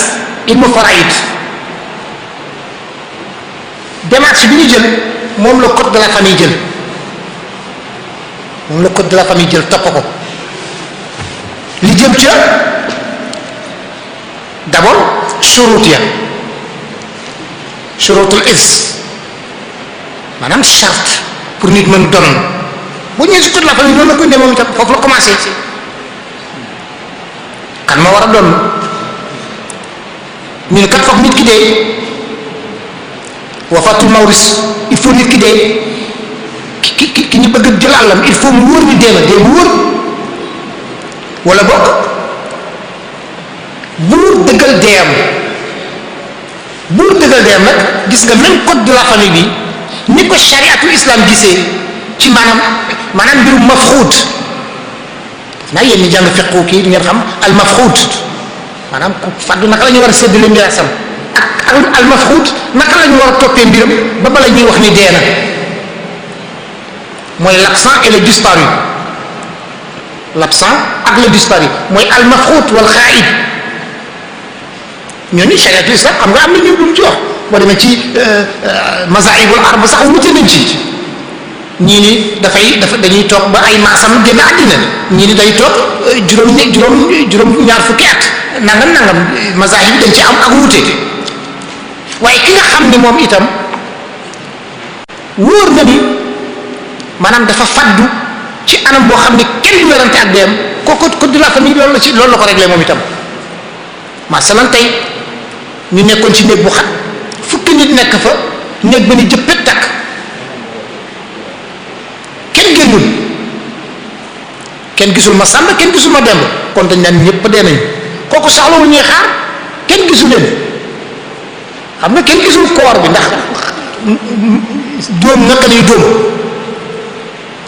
ilmu faraid démarche bi ñu jël moom la code de la famille jël moom la code de la famille jël topp ko li jëm ca d'abord shurut ya shurutul is maanaam charte pour nit mën doon bu ñëwee si toute la famille noonu la koy demee moom ca foofu la commencé kan moo war a doon ñu ne kat foog nit ki dee wafatul mawris il faut nit ki dee ki ki ki ñu bëgg jël àllam il faut mu wóor ñu dee na dee mu wóor wala bokk buur dëggal deeyam buur dëggal deeyam nag gis nga même code de la bi. ni ko shariatul islam gisee ci maanaam maanaam mbirum mafxuud naa yéen ñi jàng fiqu kii di ngeen xam al mafxuud maanaam ku fàddu naka la ñu war a séddale miraasam sam ak al mafxuud naka la ñu war a toppee mbiram ba bala ñuy wax ni dee na mooy l'absent et le disparu l'absent ak mooy al mafxuud wal ni ñooñu shariatul islam xam nga am na ñu boo demee ci euh, euh, mazaahibul arba sax wute nañ ci ñii dafay dafa dañuy toog ba ay maasam génn àddina ñii day euh, juróom juróom juróom ñaar fukki at nangam nangam mazaahib dañ ci am ak wute waaye ki nga xam ne moom itam wóor na ni maanaam dafa faddu ci anam boo xam ne kenn du werante ak deem kooku ko de la famille loolu la ci lool la ko réglé moom itam masalan tey ñu nekkoon ci néeg bu xat fukki nit nekk fa néeg ba ni jëppet takk kenn génnul kenn gisul ma sàmb kenn gisul ma demb kon dañ daan ñëpp dee nañ kooku saxla lu ñuy xaar kenn gisul leen xam nga kenn gisul koor bi ndax dóom naka lay dóom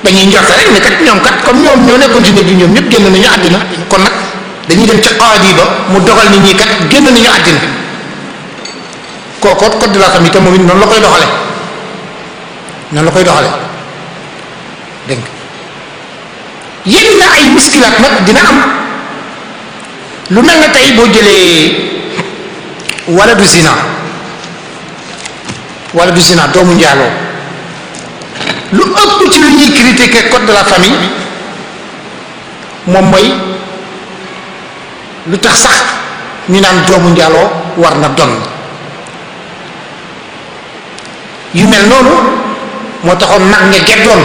dañuy njort rek ne kat ñoom kat comme ñoom ñoo nekkoon ci néeg bi ñoom ñëpp génn nañu àddina kon nag dañuy dem ca qaadi ba mu dogal ni ñii kat génn nañu àddina kooku code de la famille te moom it noonu la koy doxale noonu la koy doxale dégg yenn ay muskilaat nag dina am lu mel na tey boo jëlee wala du zina wala du zina doomu njaaloo lu ëpp ci lu ñuy critiquer code de la famille moom mooy lu tax sax ñu naan doomu njaaloo war na doon yu mel noonu moo taxoon mag nga geddoon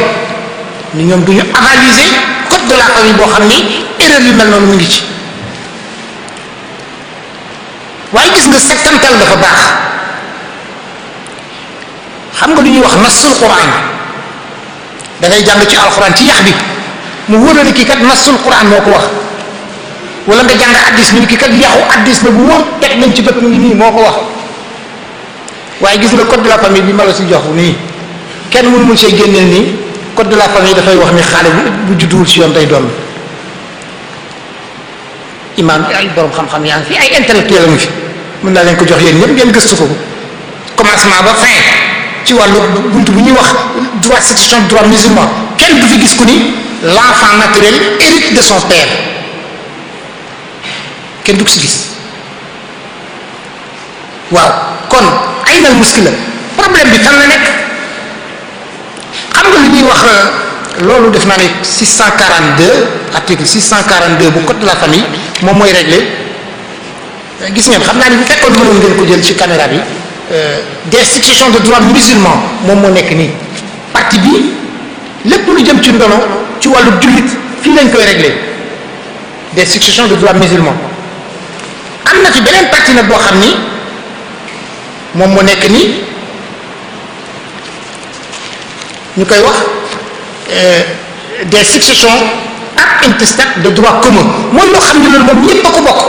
ni ñoom du ñu analyser code de la famille boo xam ni erreur yu mel noonu mu ngi ci waaye gis nga settantal dafa baax xam nga lu ñuy wax nassul quran da ngay jàng ci alquran ci yax bi mu wóor ne kii kat nassul quran moo ko wax wala nga jàng addis ni kii kat yaxu addis na bu wóor teg nañ ci bët mu ngi nii moo ko wax waaye gis nga code de la famille bi ma la si jox nii kenn mënu mu see génneel nii code de la famille dafay wax ni xale bu judduwul si yoon day doon imaam ay borom xam-xam yaa ngi fi ay intellectuel ngi fi mën naa leen ko jox yéen ñëpp ngeen gëstu ko commencement ba fin ci wàllu bunt bu ñuy wax droit institution droit musulman kenn du fi gis ko ni l'enfant naturel hérite de son père kenn du ko si gis. waaw kon ay nal muskila problème bi fan la nekk xam nga li ñuy wax euh, loolu def naa ne cent 642 article 642 bu code de la famille moom mooy réglé gis ngeen xam naa ni bu fekkoon mënoon ngeen ko jël ci caméra bi euh, des institutions de droit musulman moom moo nekk nii parti bi lépp lu jëm ci ndono ci wàllu jullit fii lañ koy régle des institutions de droit musulman am na ci beneen parti nag boo xam ni moom mu nekk nii ñu koy wax euh, des successions ak intestate de droit commun mooy loo xam ne loolu moom ñépp a ko bokk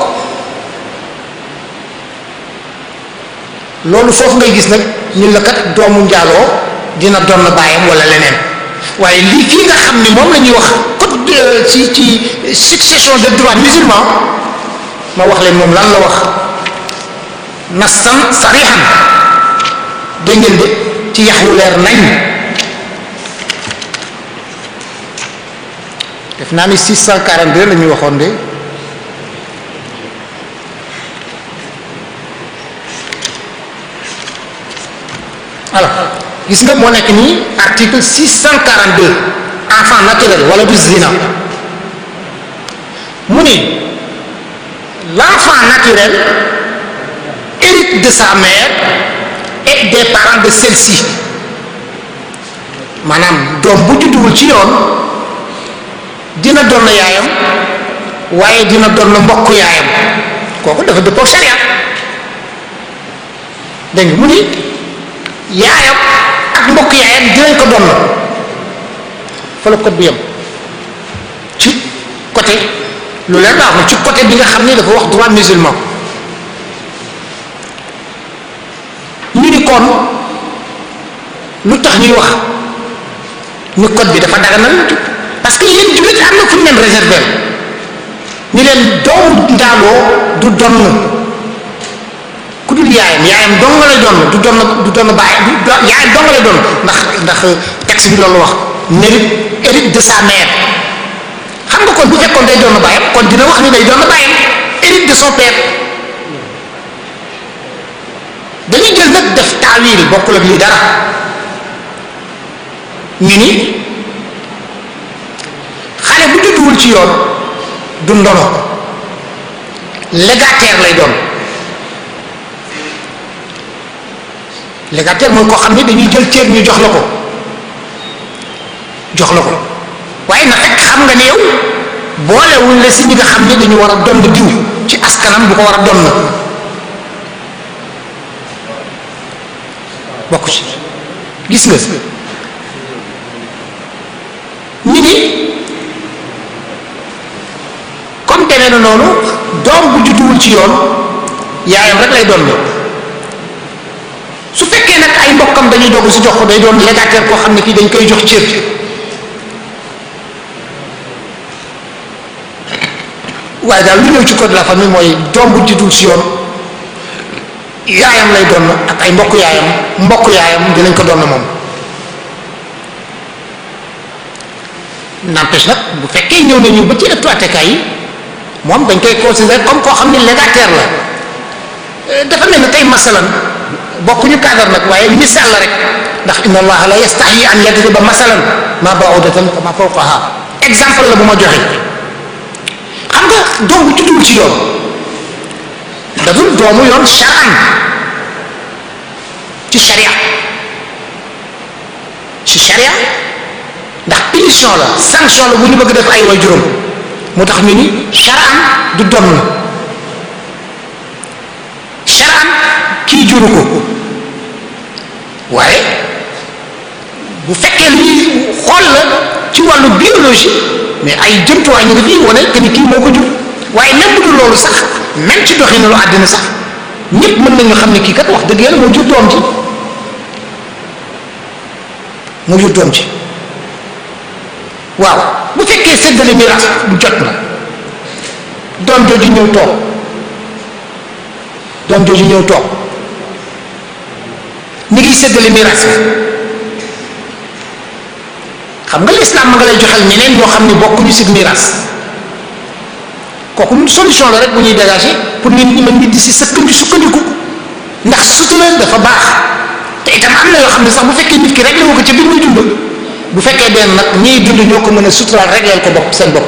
loolu foofu ngay gis nag ñun la kat doomu njaaloo dina doon baayam wala leneen waaye lii fii nga xam ni moom la ñuy wax code ci ci succession de droit musulman ma wax leen moom lan la wax nassan sarixan dégg ngeen de ci yax yu leer nañ def naa ni 642 la ñuy waxoon de alors gis nga moo nekk nii article 642 naturel wala du zina mu ni l'enfant naturel hérite de sa mère et des parents de celle maanaam doom bu judduwul ci yoon dina doon yaayam waaye dina doon mbokk yaayam kooku dafa dëppoo sharia dégg nga mu ni yaayam ak mbokk yaayam dinañ ko doon fa la code bi yem ci côté lu leen baax na ci côté bi nga xam ni dafa wax droit musulman kon lu tax ñuy wax ni code bi dafa daganal parce que yéen jullit am na fu ñu leen réservé ni leen doomu ndaaloo du donn ku dul yaayam yaayam dong lay donn du donn du donn baay yaayam donn ndax ndax texte bi loolu wax mérite hérite de sa xam nga kon bu fekkoon day donn baayam kon dina wax ni day donn baayam hérite de son dañuy jël nag def taawil bokk la lii dara ñu ni xale bu judduwul ci yoon du ndono légataire lay doon légataire mooy koo xam ne dañuy jël cër ñu jox la ko jox la ko waaye na fekk xam nga ne yow boolewul la si ñi nga xam ne dañu war a dond diw ci askanam bu ko war a donn gis nga ñu ni comme demee na noonu doom bu judduwul ci yoon yaayam rek lay doon lépp su fekkee nag ay mbokkam dañuy dogu si jox ko day doon légataire koo xam ne kii dañ koy jox cër waaye daal lu ñëw ci code de la famille mooy doom bu judduwul ci yoon yaayam lay doon ak ay mbokk yaayam mbokk yaayam dinañ ko doon moom n'empêche nag bu fekkee ñëw nañu ba ci ëttu attekaay yi moom dañ koy considérer comme koo xam ni légataire la euh, dafa mel ni tey masalan bokkuñu cadre nag waaye misaal la rek ndax inna allaha la yastahi an yadriba masalan ma ba'udatan fa ma fawqaha exemple la bu ma joxe xam nga doom bu juddul ci yoon da dul doomu yoon charan ci sharia ci sharia ndax punition la sanction la bu ñu bëgg def ay way juróom moo tax ñu ni charan du doom la charan kii juru ko waaye bu fekkee lu ñuy xool la ci wàllu biologie mais ay jëmtuwaay ñu ngi fii wane que kii moo ko jur waaye même bu dul loolu sax même ci doxinu lu àddina sax ñëpp mën nañu xam ne kii kat wax dëgg yàlla moo jur doom ji moo jur doom ji waaw bu fekkee séddale miraas bu jot na doom jooju ñëw toog doom jooju ñëw toog ni ngi séddale miraas bi xam nga lislaam ma nga lay joxal ñeneen ñoo xam ne bokkuñu si miraas mun solution la rek bu ñuy dégager pour nit ñi mën di si sëkkam ci sukkandiku ndax sutura dafa baax te itam am na yoo xam ne sax bu fekkee nit ki réglé wu ko ci bi muy dund bu fekkee benn nag ñiy dund ñoo ko mën a suturaal régleel ko bopp seen bopp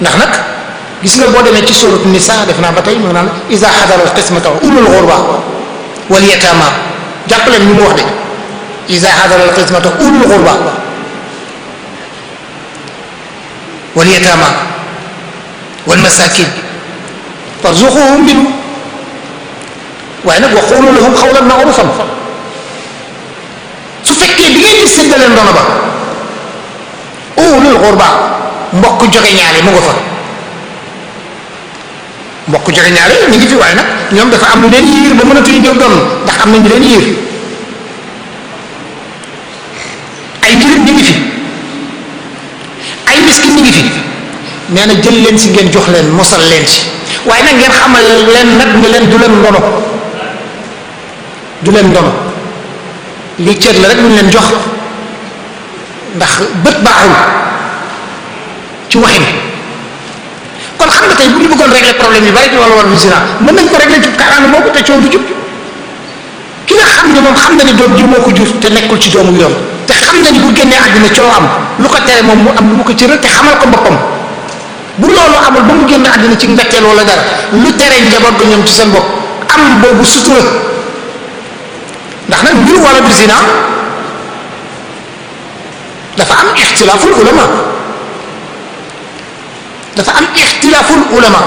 ndax nag gis nga boo demee ci suratu nisa def naa ba tey mu naan iza xadaral qismata ulul xurba wal yataama jàppaleen ñu mu wax de iza xadaral qismata ulul xurba واليتامى والمساكين فارزقوهم منه waaye nag waqulu lahum qawlan ma'rufan su fekkee bi ngeen di séddale ndono ba ulul qurba mbokk joge ñaare mu nga fa mbokk joge ñaare ñu ngi fi waaye nag ñoom dafa am lu leen yiir ba mënatuñu jël doon ndax am nañu leen yiir ay jullit ñu ngi fi ay miskin ñu ngi fi nee na jël leen si ngeen jox leen mosal leen si waaye nag ngeen xamal leen nag ne leen du leen ndono du leen ndono lii cër la rek lu ñu leen jox ndax bët baaxul ci waxin kon xam nga tey bu ñu bëggoon régler problème yu bari ci wàllu wàllu zina mën nañ ko régler jub kaaraange boobu te coow du jub ki nga xam ne moom xam na ne doom ji moo ko jur te nekkul ci doomu yoon. xam bu génnee àddina coow am lu moom mu am lu mu ko cëral te xamal ko boppam bu loolu amul ba mu génn àddina ci mbetteel wala dara lu tere njaboot ga ñoom ci seen bopp am boobu sutura ndax nag mbir wala du zina dafa am ixtilaaful ulama dafa am ixtilaaful ulama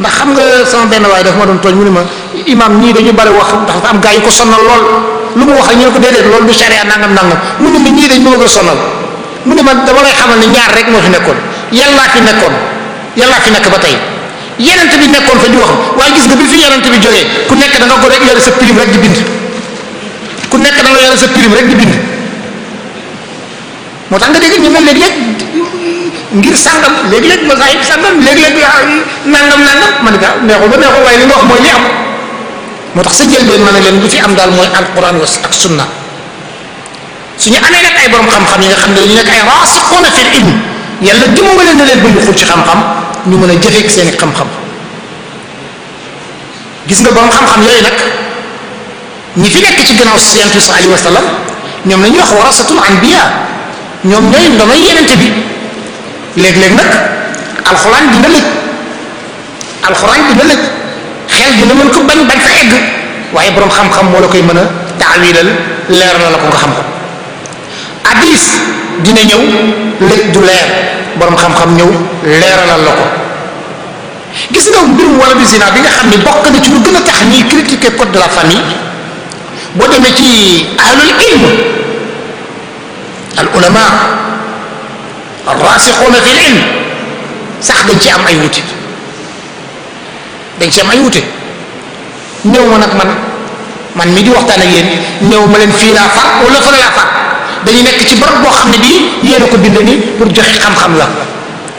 ndax xam nga sama benn waaye dafa ma doon tooñ mu ne ma imaam ñii dañu bari wax ndax dafa am gaa yi ko sonnal lool lu mu wax ak ñu ko déedéet loolu du charia nangam nangam mu ne ma ñii dañ ma bëgg a sonal mu ne man dama lay xamal ne ñaar rek moo fi nekkoon yàllaa fi nekkoon yàllaa fi nekk ba tey yenent bi nekkoon fa di wax waaye gis nga bi fi yenent bi jógee ku nekk da ko rek yore sa prime rek di nekk da nga sa prime rek di bind tax nga dégg ñu ne léeg-léeg ngir sàngam léeg-léeg masaayib sàngam léeg-léeg nangam nangam man nga neexul ba neexul waaye li nga wax mooy li am moo tax sa ma ne leen lu fi am daal mooy alquran wa ak sunna suñu amee ay borom xam-xam yi nga xam ne dañu nekk ay raasixuuna fil ilm yàlla dimbale na leen ba ñu xul ci xam-xam ñu mën a jëfee seen i xam-xam gis nga borom xam-xam yooyu nag ñi fi nekk ci gannaaw yonent bi sallallahu alayhi wa sallam ñoom la ñuy wax warasatul anbiya ñoom ñooy ndonoy yenente bi léeg-léeg nag alxuraan dina lëj alxuraan dina xel dina mën ko bañ bañ fa egg waaye borom xam-xam moo la koy mën a taawilal leer na la ko nga xam ko hadis dina ñëw lëj du leer borom xam-xam ñëw leeralal la ko gis nga mbirum wala bi zina bi nga xam ni bokk na ci lu gën a tax ñuy critiquer code de la famille boo demee ci ahlul ilm al ulama ar-rasikhuna fil sax dañ ci am ay wuti dañ ci am ay wute ñëw ma nag man man mi di waxtaan ak yéen new ma leen fii laa far wala fa laa far dañu nekk ci barab boo xam ne di yéen ko bind ni pour joxe xam-xam la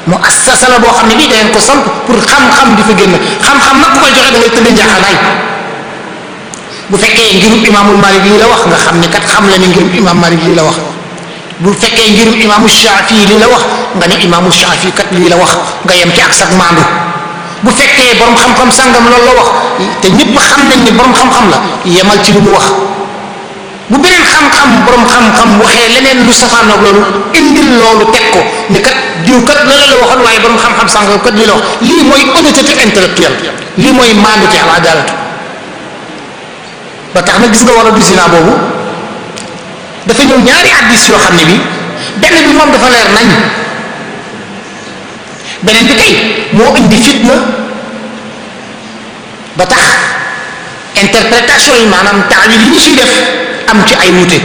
mu assasa la boo xam ne bii dangeen ko samp pour xam-xam di fa génn xam-xam nag ku koy joxe da ngay tëdd njaaxanaay bu fekkee ngirum imaamul malik lii la wax nga xam ne kat xam la ne ngirum imaam malik lii la wax bu fekkee ngirum imaamu shafii lii la wax nga ne imaamu shafii kat lii la wax nga yem ci ak sag maandu bu fekkee boroom xam-xam sàngam loolu la wax te ñëpp xam nañ ne borom xam-xam la yemal ci lu mu wax bu beneen xam-xam borom xam-xam waxee leneen lu safaan ak loolu indil loolu teg ko ne kat diw kat loolu la waxoon waaye borom xam-xam sàngam kat li la wax lii mooy honnêteté intellectuelle lii mooy maandu ci ala daalatu ba tax na gis nga wala du sina boobu dafa ñëw ñaari addis yoo xam ne bi benn bi moom dafa leer nañ beneen bi kay moo indi ba tax interprétation yi maanaam taawil yi ñu ciy def am ci ay wute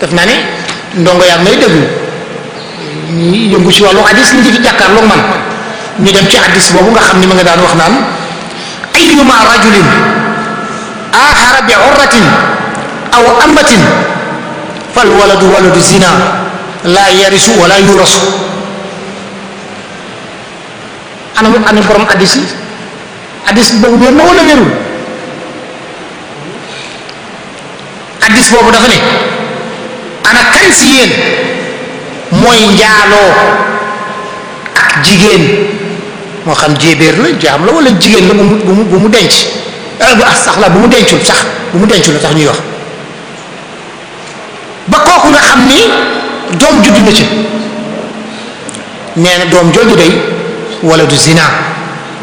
def naa ne ndongo yaa may déglu ñu yëngu ci wàllu hadis ñu fi jàkkaarloo man ñu dem ci hadis boobu nga xam ni ma nga daan wax naan ayyuma rajulin ahara bi urratin aw amatin fal waladu waladu zina la yarisu wala yurasu ana ana borom hadis hadis boobu wér na wala wérul hadis boobu dafa ne ana kan si yéen mooy njaaloo ak jigéen moo xam jéebéer la jaam la wala jigéen la bu mu bu mu denc eh, bu sax la bu mu dencul sax bu mu dencul la sax ñuy wax ba kooku nga xam ni doom juddu na ci nee na doom jooju day walla du zina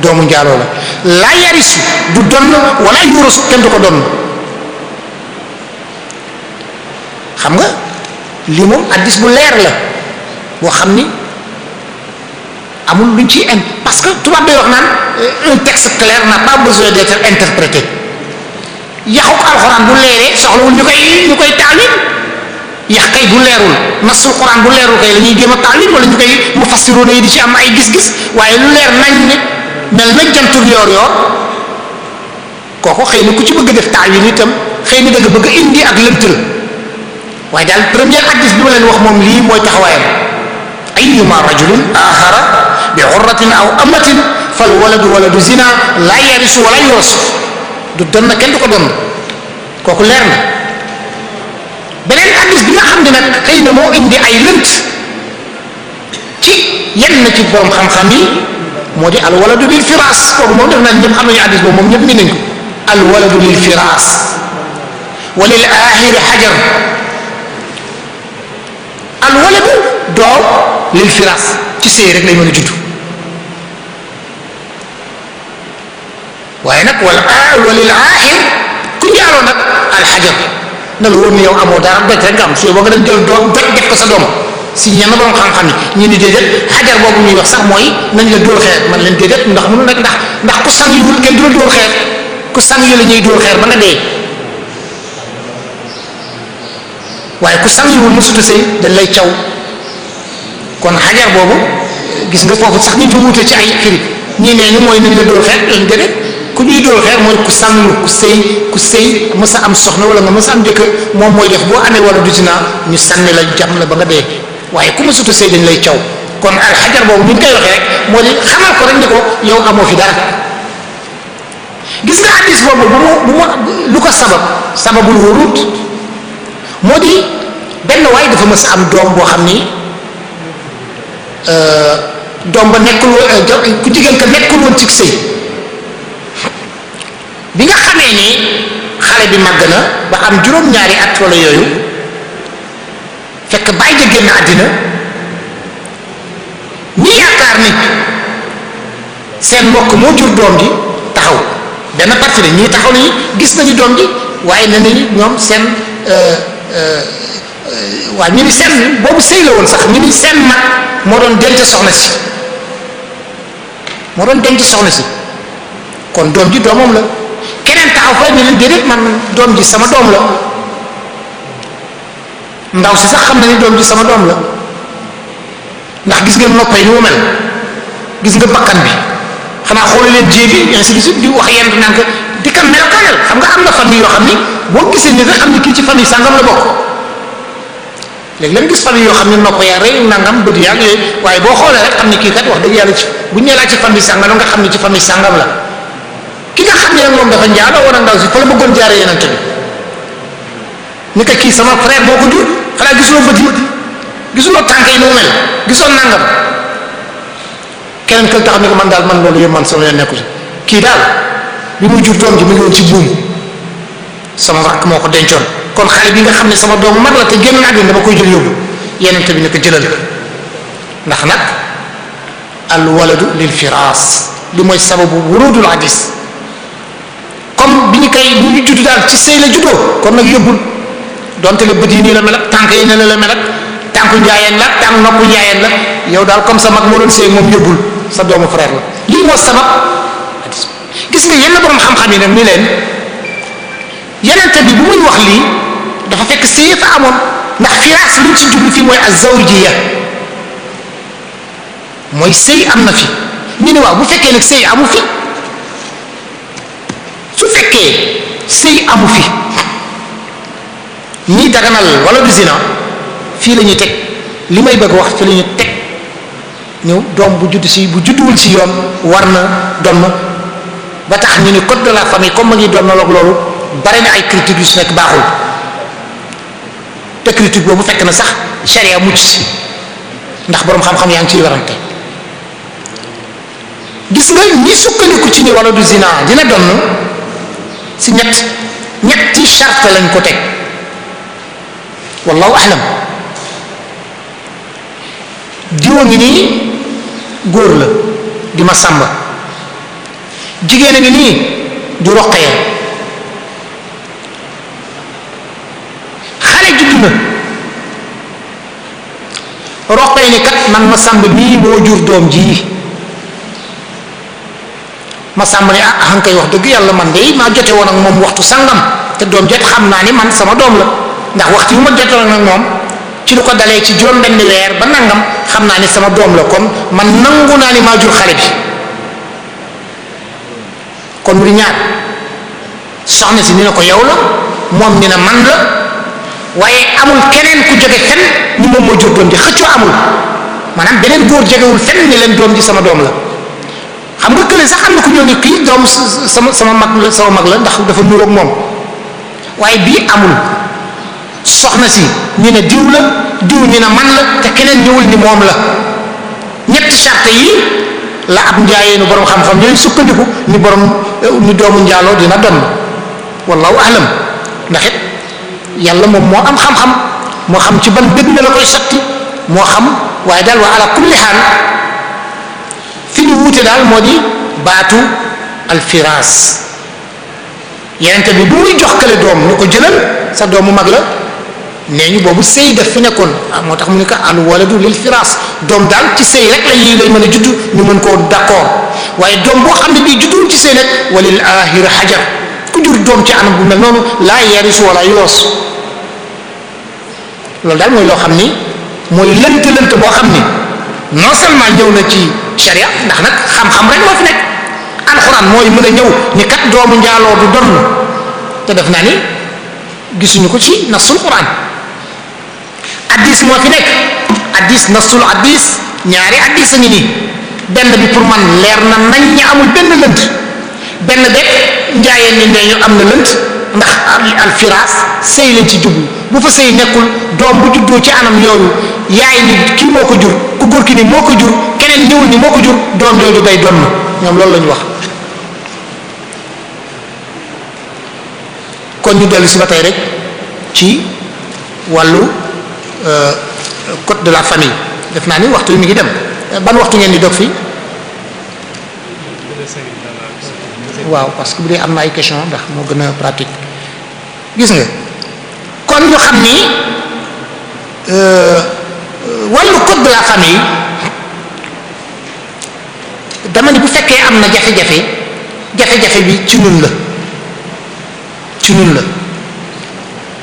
doomu njaaloo la laa yarisu du donn wala yuurasu kenn du ko donn xam nga lii moom addis bu leer la boo xam ni amul luñ ci indi parce que tubaab day wax naan euh, un texte clair n'a pas besoin d'être interprété yaxu ko alxuraan bu leeree soxlawul ñu koy ñu koy taalim yax kay bu leerul nasul xuraan bu leerul kay la ñuy jéem a taalim wala ñu koy mufassiroon yi di ci am ay gis-gis waaye lu leer nañ nit mel na jantul yoor yoor kooku xëy na ku ci bëgg def taawil itam xëy na da bëgg indi ak lëntal waaye daal premier hadis bi ma leen wax moom lii mooy taxawaayam ayyuma rajulin axara bi xurratin aw amatin fal waladu waladu zina laa yarisu wala yurasuf du don na kenn du ko don kooku leer na beneen hadis bi nga xam ne nag xëy na moo indi ay lënt ci yenn ci borom xam-xam yi moo di alwaladu lil firaas kooku moom def naa ñëpp xam nañu addis boobu moom ñëpp mi nañ ko alwaladu lil firaas wa lil aaxiri xajar alwaladu doom lil firaas ci sëy rek lay mën a judd waaye nag wala wa lil aaxir ku njaaloo nag alxajar na la wóor ne yow amoo dara doj rek nga am su yow ba nga dem jël def ko sa si ñenn borom xam-xam yi ñu ni déedéet xajar boobu ñuy wax sax mooy nañ la dóor xeer man leen déedéet ndax mënu nekk ndax ndax ku sang yiwul kenn du la dóor xeer ku sang yi la ñuy dóor xeer ba nga dee waaye ku sang yiwul mësuta dañ lay caw kon xajar boobu gis nga foofu sax ñu fi ci ay firi ñii nee ñu mooy nañ la dóor xeer lañ déedéet ku ñuy dóor xeer mooy ku sang ku sëy ku sëy mës a am soxna wala nga mës a am jëkkër moom mooy def boo amee wala dutinaa ñu sànni la jam la ba nga dee waaye ku ma sutu sëy dañ lay caw kon alxajar boobu ñu ngi koy waxee rek moo di xamal ko rek ni ko yow amoo fi dara gis nga hadis boobu bu mu bu mu lu ko sabab sababul wurut moo di benn waay dafa mës a am doom boo xam ni euh, doom ba nekkul euh, ku jigéen ka nekkul woon ci sëy bi nga xamee ni xale bi màgg na ba am juróom-ñaari at wala yooyu fekk bàyyi ja génn àddina ñi yaakaar ni seen mbokk moo jur doom ji taxaw benn parti la ñii taxaw nañu gis nañu doom ji waaye ne nañu ñoom seen euh, euh, waa ñu ni seen boobu sëy la woon sax ñu ni seen mag moo doon denc soxna si moo doon denc soxna si kon doom ji doomam la keneen taxaw fa ñu ne déedéet man doom ji sama doom la ndaw si sax xam na ni doom ji sama doom la ndax gis ngeen noppay ni mu mel gis nga bakkan bi xanaa xoolal leen jée bi ainsi de suite di wax yenn di xam nga yoo xam ni boo gisee ni xam ni kii ci famille sàngam la bokk léegi lan yoo xam ne nopp yaa rey nangam bët yaa yooyu waaye boo xoolee rek xam ni kii kat wax dëgg yàlla ci bu ñu laa ci famille sàngam nga xam ni ci famille sàngam la ki nga xam ne nag moom dafa njaalo war a ndaw si fa la bëggoon jaare yenante bi ni ko kii sama frère boo ko jur xanaa gisuloo bët yi gisuloo tànk yi nu mel gisoon nangam keneen kër taxam ni man daal man loolu yëpp man sama yoon nekku si kii daal bi muy jur doom ji mu ngi woon ci buum sama rakk moo ko dencoon kon xale sama doomu mag la te génn àddina koy jël yóbbu yeneen bi ko jëlal nag al waladu lil firaas li mooy sababu wurudul comme bi ñu koy bi ñu daal ci sëy juddoo kon nag yóbbul donte le bët yi nii la mel tànk yi ne la mel ak tànku njaayeen la ak tànk noppu njaayeen la yow daal comme sa mag moo doon sëy moom yóbbul sa doomu frère la li moo sabab gis nga yenn borom xam-xam yi ne ni leen yenente bi bu wax lii dafa fekk sëy amoon ndax firaas luñ ci jublu fii mooy az-zawjiyya sëy am na fi ñu ne waaw bu fekkee nag sëy amu fi su fekkee sëy amu fi lii daganal wala du zina fii la ñuy teg li may bëgg wax ci la ñuy teg ñëw doom bu judd si bu judduwul ci yoon war na doon na ba tax ñu ne code de la famille comme ma ngi doon na loolu bari na ay critiques yu si nekk baaxul te critique boobu fekk na sax sharia mucc si ndax boroom xam-xam yaa ngi ciy warante gis nga ñi sukkandiku ci ni wala du zina dina doon si ñett ñetti charte lañ ko teg. wallahu ahlam diwa ngi nii góor la di ma sàmb jigéen a ngi nii di roqee ni kat man ma sàmb bii moo jur doom ji ma sàmb ni ah xan koy wax dëgg yàlla man de maa jote woon ak moom waxtu sàngam te doom jot xam naa ni man sama doom la ndax waxtu yu ma jotoon nag moom ci lu ko dalee ci juróom benn weer ba nangam xam naa ne sama doom la kon man nangu naa ni maa jur xale bi kon mu ñaar soxna si ni na ko yow la moom ni na man la waaye amul keneen ku jóge fenn ni moom moo jur doom ji xëccoo amul maanaam beneen góor jógewul fenn ni leen doom ji sama doom la xam nga kële sax am na ku ñëw ni kii doom sama sama mag la sama mag la ndax dafa nurook moom waaye bii amul soxna si ñu ne diw la diw ñu ne man la te keneen ñëwul ni moom la ñetti charte yi la ab njaayeenu borom xam-xam yooyu sukkandiku ni borom ni doomu njaaloo dina donn wallahu alam ndax yàlla moom moo am xam-xam moo xam ci ban bëgg na la koy sotti moo xam waaye daal wa ala kulli xaal fi ñu wuute daal moo di baatu alfiraas yenente bi bu muy jox kale doom ñu ko jëlal sa doomu mag la nee ñu boobu sëy def fi nekkoon ah, moo tax mu ne ko al waladu lil firaas doom daal ci sëy rek la lii mën a judd ñu mën koo d'accord waaye doom boo xam ne bii juddul ci sëy nag walil ahir hajar ku jur doom ci anam bu mel noonu laa yarisu wala yoos loolu daal mooy loo xam ni mooy lënt lënt boo xam ni moo seulement ñëw na ci sharia ndax nag xam-xam rek moo fi nekk alxuraan mooy mën a ñëw ni kat doomu njaaloo du donn te def naa ni gisuñu ko ci nasul xuraan addis moo fi nekk addis nasul addis ñaari addis a ngi nii benn bi pour man leer na nañ ñi amul benn lënt benn beeg njaayeen ni nee ñu am na lënt ndax alfiraas sëy lañ ci jublu bu fa sëy nekkul doom bu juddoo ci anam yooyu yaay ni kii moo ko jur ku góor ki ni moo ko jur keneen ñëwul ni moo ko jur doom jooju day doon na ñoom loolu la ñu wax kon ñu dellu si ba tey rek ci wàllu Euh, code de la famille def naa ni waxtu wi mi ngi dem euh, ban waxtu ngeen di dog fii waaw parce que bu dee am na ay question ndax moo gën a pratique gis nga kon ñu xam ni euh, wàllu code de la famille dama ni bu fekkee am na jafe-jafe jafe-jafe bi ci ñun la ci ñun la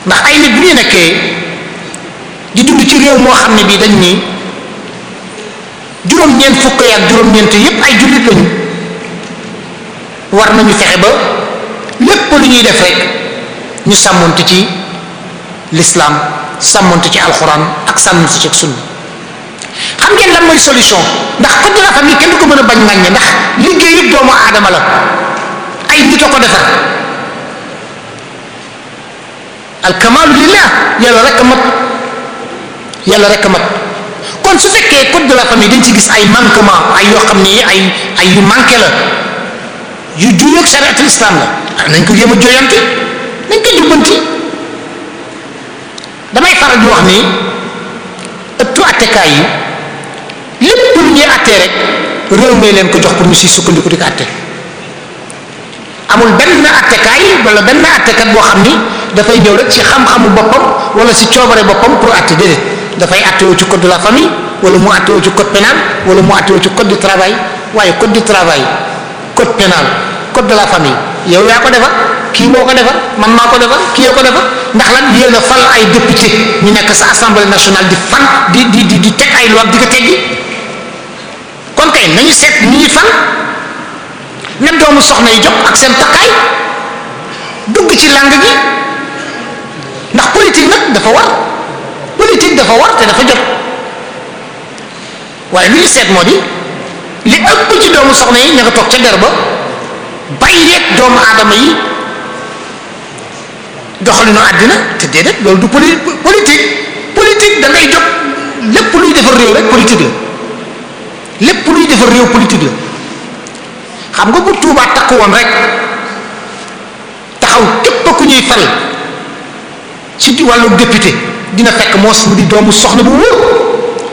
ndax ay nit bu ñu nekkee di dund ci réew moo xam ne bii dañ nii juróom-ñeent fukk ak juróom-ñeent yépp ay jullit lañu war nañu fexe ba lépp lu ñuy def rek ñu sàmmonte ci l'islam sàmmonte ci alxuraan ak sàmmonte ci sunna xam ngeen lan mooy solution ndax code de la famille kenn ko mën a bañ ngàññe ndax liggéey yëpp doomu aadama la ay nit ko defar alkamaalu lillah yàlla rek mat yàlla rek a kon su fekkee code de la famille dañ ci gis ay manquement ay yoo xam ni ay ay yu manqué la yu juyoog chariatul islam la ah, nañ ko jéem a joyanti nañ ko jubbanti damay faral di wax ni ëttu attekaay yi lépp pour ñuy attee rek réew mi leen ko jox pour ñu si sukkandiku di ko atte amul benn attekaay wala benn attekat boo xam ni dafay ñëw rek ci xam-xamu boppam wala si coobare boppam pour atte déedéet. dafay àttewoo ci code de la famille wala mu àttewoo ci code pénal wala mu àttewoo ci code du travail waaye code du travail code pénal de la famille yow yaa ko defar kii moo ko defar man maa ko defar kii ko defar ndax lan yéen a fal ay député ñu nekk sa assemblée nationale di fan di di di di teg ay loi di ko teggi kon kay nañu seet ni ñuy fan na doomu soxna yi jox ak seen takkaay dugg ci làng gi ndax politique nag dafa war. it dafa war te dafa jot waaye lu ñu seet moo di li ëpp ci doomu soxna yi ña toog ca der ba bàyyeeg doomu aadama yi doxalinu àddina te déedéet loolu du poli politique politique da ngay jot lépp luy defar réew rek la xam nga bu tuubaa takku woon rek taxaw képp ku ñuy fal ci wàllu député dina fekk moos mu di doomu soxna bu wóor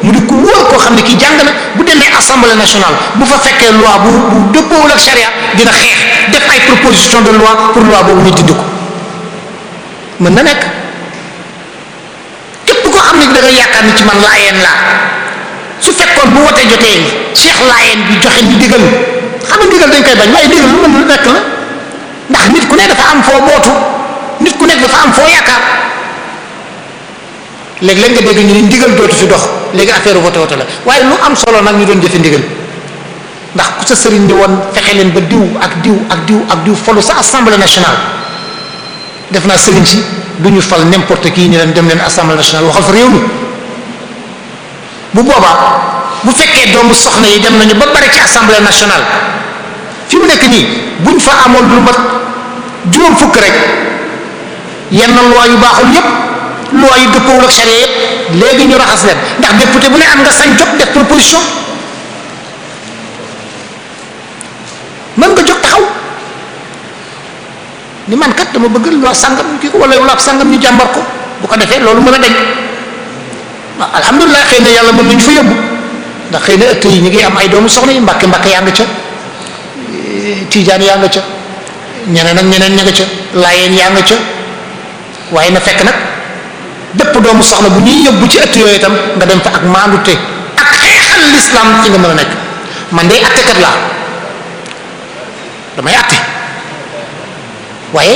mu di ku wóor koo xam ne ki jàng na bu demee assemblée nationale bu fa fekkee loi bu bu dëppoowul ak charia dina xeex def ay proposition de loi pour loi boobu ñu dindi ko mën na nekk képp koo xam ne da nga yaakaar ni ci man laayeen laa su fekkoon bu wotee jotee cheikh laayeen bi joxe bi digal xam nga digal dañ koy bañ waaye digal lu mën lu nekk la ndax nit ku ne dafa am foo bootu nit ku nekk dafa am foo léegi léeg nga dégg ñu ne ndigal dootu fi dox léegi affaire wote wote la waaye lu am solo nag ñu doon jëfe ndigal ndax ku sa sëriñ ni woon fexe leen ba diw ak diw ak diw ak diw falu sa assemblée nationale def naa sëriñ si du ñu fal n'importe kii ñu leen dem leen assemblée nationale waxal fa réew mi bu boobaa bu fekkee doomu soxna yi dem nañu ba bari ci assemblée nationale fi mu nekk nii buñ fa amoon lu mat juróom fukk rek yenn loi yu baaxul yépp loi ay dëppoowul ak charia léegi ñu raxas leen ndax député bu ne am nga sañ jot def proposition mën nga jóg taxaw ni man kat dama bëgg loi sangam ñu kii ko wala loi sangam ñu jàmbar ko bu ko defee loolu mën a dañ waaw alhamdulilah xëy na yàlla mën nañu fa yóbbu ndax xëy na ëtt yi ñu ngi am ay doomu soxna yi mbàkke mbàkke yaa nga ca tiijaan yaa nga ca ñeneen ak ñeneen ña nga ca laayeen yaa nga ca waaye na fekk nag bépp doomu soxna bu ñuy yóbbu ci ëtt yooyu itam nga dem fa ak maandute ak xeexal lislaam ci nga mën a nekk man day attekat laa damay atte waaye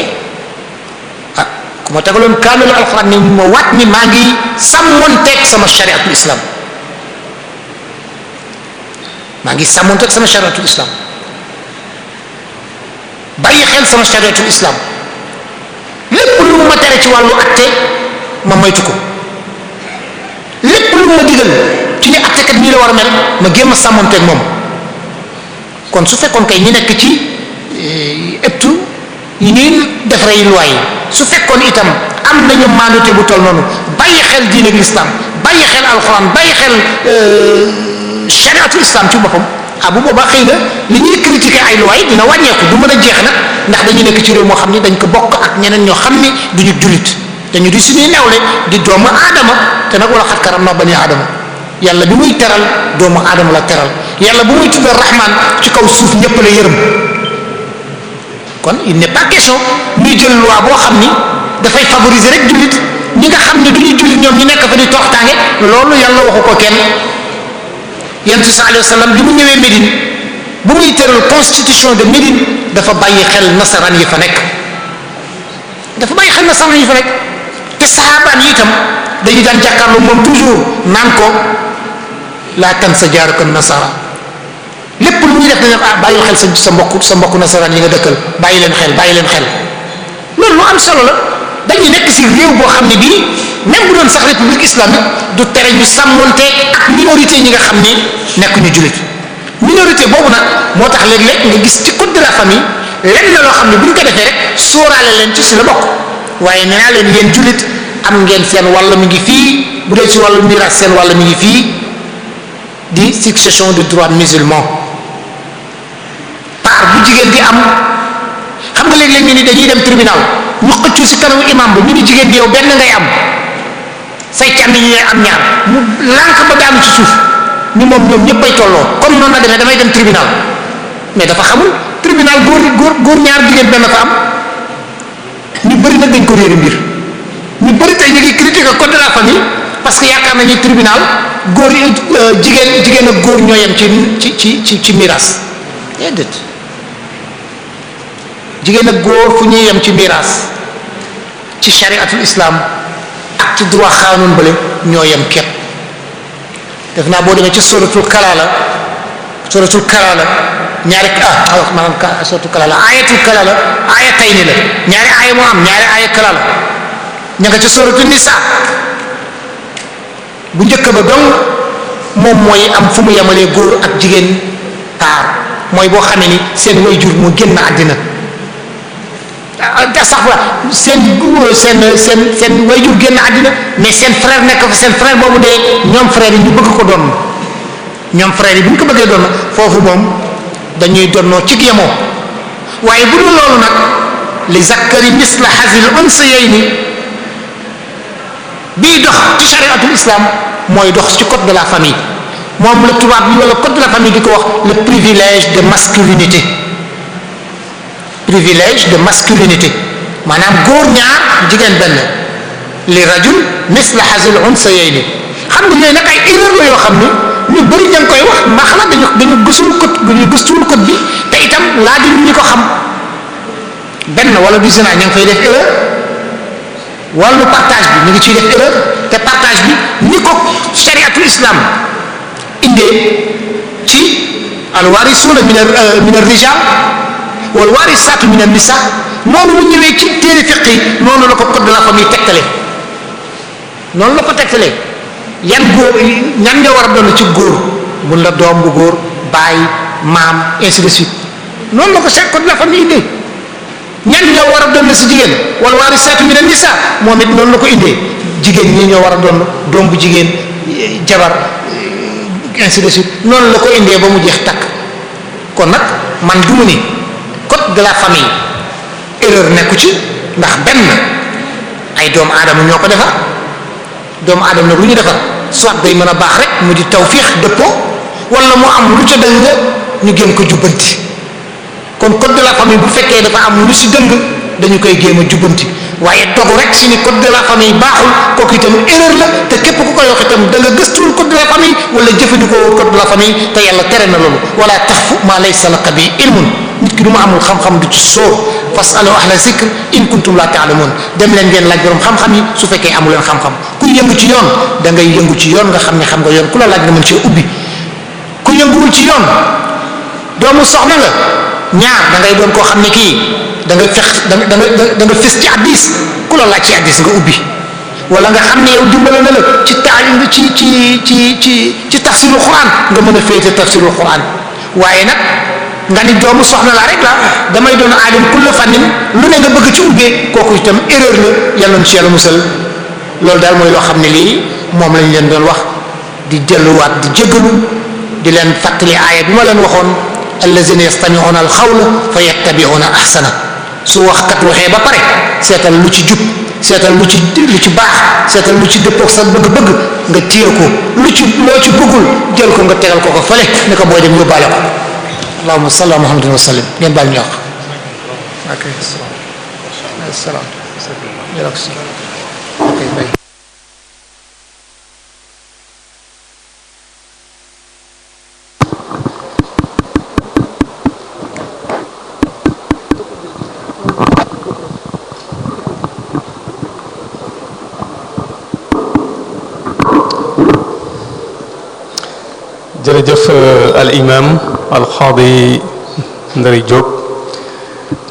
ah ku ma tegaloon alxuraan ni ma waat ni maa ngi sàmmonteeg sama shariatul islam ngi sàmmonteeg sama shariatul islam bàyyi xel sama shariatul islam lépp lu ma tere ci wàllu atte ma moytu ko lépp lu ma digal ci ñu attekat nii la war a mel ma gémm a sàmmonteeg moom kon su fekkoon kay ñu nekk ci eh, ëttu yi ñuy def rey luwaay yi su fekkoon itam am nañu maandute bu toll noonu bàyyi xel diine ak bàyyi xel alxuraan bàyyi xel chariatu euh, islam ci boppam ah bu boobaa xëy na li ñuy critiquer ay luwaay dina wàññeeku du mën a jeex nag ndax dañu nekk ci réew moo xam ni dañ ko bokk ak ñeneen ñoo xam ni duñu jullit te ñu di suñuy nawle di doomu aadama te nag wala xat karam na bani aadama yàlla bi muy teral doomu aadama la teral yàlla bu muy tuddee rahman ci kaw suuf ñëpp la yërëm kon il n'est pas question ñuy jël loi boo xam ni dafay favoriser rek jullit ñi nga xam ne du ñu jullit ñoom ñu nekk fa di tooxtaange loolu yàlla waxu ko kenn yonent bi sallallahu alayhi wasallam bi mu ñëwee Médine bu muy tëral constitution de Médine dafa bàyyi xel nasaraan yi fa nekk dafa bàyyi xel yi fa nekk. te saxaabaan yi itam dañuy daan jàkkaarloo moom toujours naan ko laa tan sa jaaruka nasara lépp lu ñuy def dañu ah bàyyil xel sa sa mbokk sa mbokk nasaraan yi nga dëkkal bàyyi leen xel bàyyi leen xel loolu lu am solo la dañuy nekk si réew boo xam ne bii même bu doon sax république islamique du tere ñu sàmmonte ak minorité ñi nga xam ne nekk ñu jullit minorité boobu nag moo tax léeg lekk nga gis ci code de la famille lenn loo xam ne bu ñu ko defee rek sóoraale leen ci si la bokk waaye nee naa leen yéen jullit am ngeen seen walla mu ngi fii bu dee ci wàllu miraas seen wàll mu ngi fii di succession du droit musulman par bu jigéen di am xam nga léegi léeg ñu ni dañuy dem tribunal ñu xëccu si kanamu imam ba ñu ni jigéen di yow benn ngay am say càmmi ñu am ñaar mu lànk ba daanu ci suuf ni moom ñoom ñëppay tolloo comme noonu la demee damay dem tribunal mais dafa xamul tribunal góor góor góor ñaar jigéen benn ko am ñu bëri nag dañ ko réeri mbir ñu bëri tey ñu ngi critiquer code de la famille parce que yaakaar nañu tribunal góor euh, jigéen jigéen ak góor ñoo yem ci ci ci ci miraas jigéen ak góor fu ñuy yem ci miraas ci chariatul islam ak ci droit xaanun bële ñoo yem képp def naa boo demee ci suratul kala la suratul kala ah, la ñaari ah maanaam suratul kala la ayatul kala la la ñaari aya moo am ñaari aya kala ña ca ca suratu nisa bu njëkk ba dong moom mooy am fu mu yemalee góor ak jigéen taar mooy boo xamee ni seen way jur moo génn àddina ah, sax la seen seen seen seen way jur génn àddina mais seen frère nekk seen frère boobu dee ñoom frère yi ñu bëgg ko doon ñoom frère yi bu ñu ko bëggee doon foofu moom dañuy donnoo ci yemoo waaye bu dul loolu nag li zakkari misla hazil unsayayni bii dox ci chariatul islam mooy dox ci code de la famille moom la tubaab bi wala code de la famille di ko wax le privilège de masculinité privilège de masculinité maanaam góor ñaar jigéen benn li rajul misla hazil unsayayni xam nga yooyu nag ay erreur la yoo xam ni ñu bëri ña ngi koy wax mbaa xalaat dañu dañu gësul code dañu gëstuwul code bi te itam laa di ñu ko xam benn wala du sénat ña ngi fay def wàllu partage bi ñu ngi ciy def erreur te partage bi ni ko chariatu islam indee ci alwarisuna min euh, min ar-rijal wal warisatu min an-nisa noonu mu ñëwee ci téere fiq yi noonu la ko code de la famille noonu la ko tegtale yan góor ñan nga war a doon ci góor mun la doom bu góor baay maam ainsi suite noonu la ko code de la ñan ñoo war a doon si jigéen wala waarisaatu mina nisa moom it noonu la ko indee jigéen ñi ñoo war a doon doom bu jigéen jabar ainsi noonu la ko indee ba mu jeex takk kon nag man du mu ni code de la famille erreur nekku ci ndax benn ay doomu aadama ñoo ko defar doom aadama nag lu ñu defar soit day mën a baax rek mu di tawfiix dëppoo wala mu am lu ca de ñu gën ko jubbanti kon code de la famille bu fekkee dafa am lu si dëng dañu koy géem a jubbanti waaye toog rek si ni code de la famille baaxul kooku itam erreur la te képp ku koy wax itam da nga gëstul code de la famille wala jëfandikoo code de la famille te yàlla tere na loolu wala taxfu maa laysa laka bi ilmun nit ki du ma amul xam-xam du ci sóor fasalu ahla zikr in kuntum la ta'lamun dem leen ngeen laaj borom xam-xam yi su fekkee amu leen xam-xam ku yëngu ci yoon da ngay yëngu ci yoon nga xam ne xam nga yoon ku la laaj nga mën cee ubbi ku yënguwul ci yoon doomu soxna nga ñaar da ngay doon koo xam ne kii da nga fex da nga da nga fis ci addis ku la laaj ci addis nga ubbi wala nga xam ne yow dimbale na la ci taalim ci ci ci ci ci tafsirul quran nga mën a féete tafsirul quran waaye nag nga ni doomu soxna laa rek la damay doon aalim kulla fannin lu ne nga bëgg ci ubbee kooku itam erreur la yàlla na ci yàlla musal loolu daal mooy loo xam ne lii moom lañ leen doon wax di delluwaat di jégalu di leen fàttali aaya bi ma leen waxoon allazina yastami'una alxawla fa yattabi'una ahsana su waxkat waxee ba pare seetal lu ci jub seetal lu ci lu ci baax seetal lu ci dëppook sa bëgg-bëgg nga tiir ko lu ci loo ci bëggul jël ko nga tegal ko ko fële ni ko booy dem yóbbaale ko allahumma salli ala muhammadin wa sallim ngeen baal ñu wax jërëjëf euh, al imam al xaadi Ndari Diop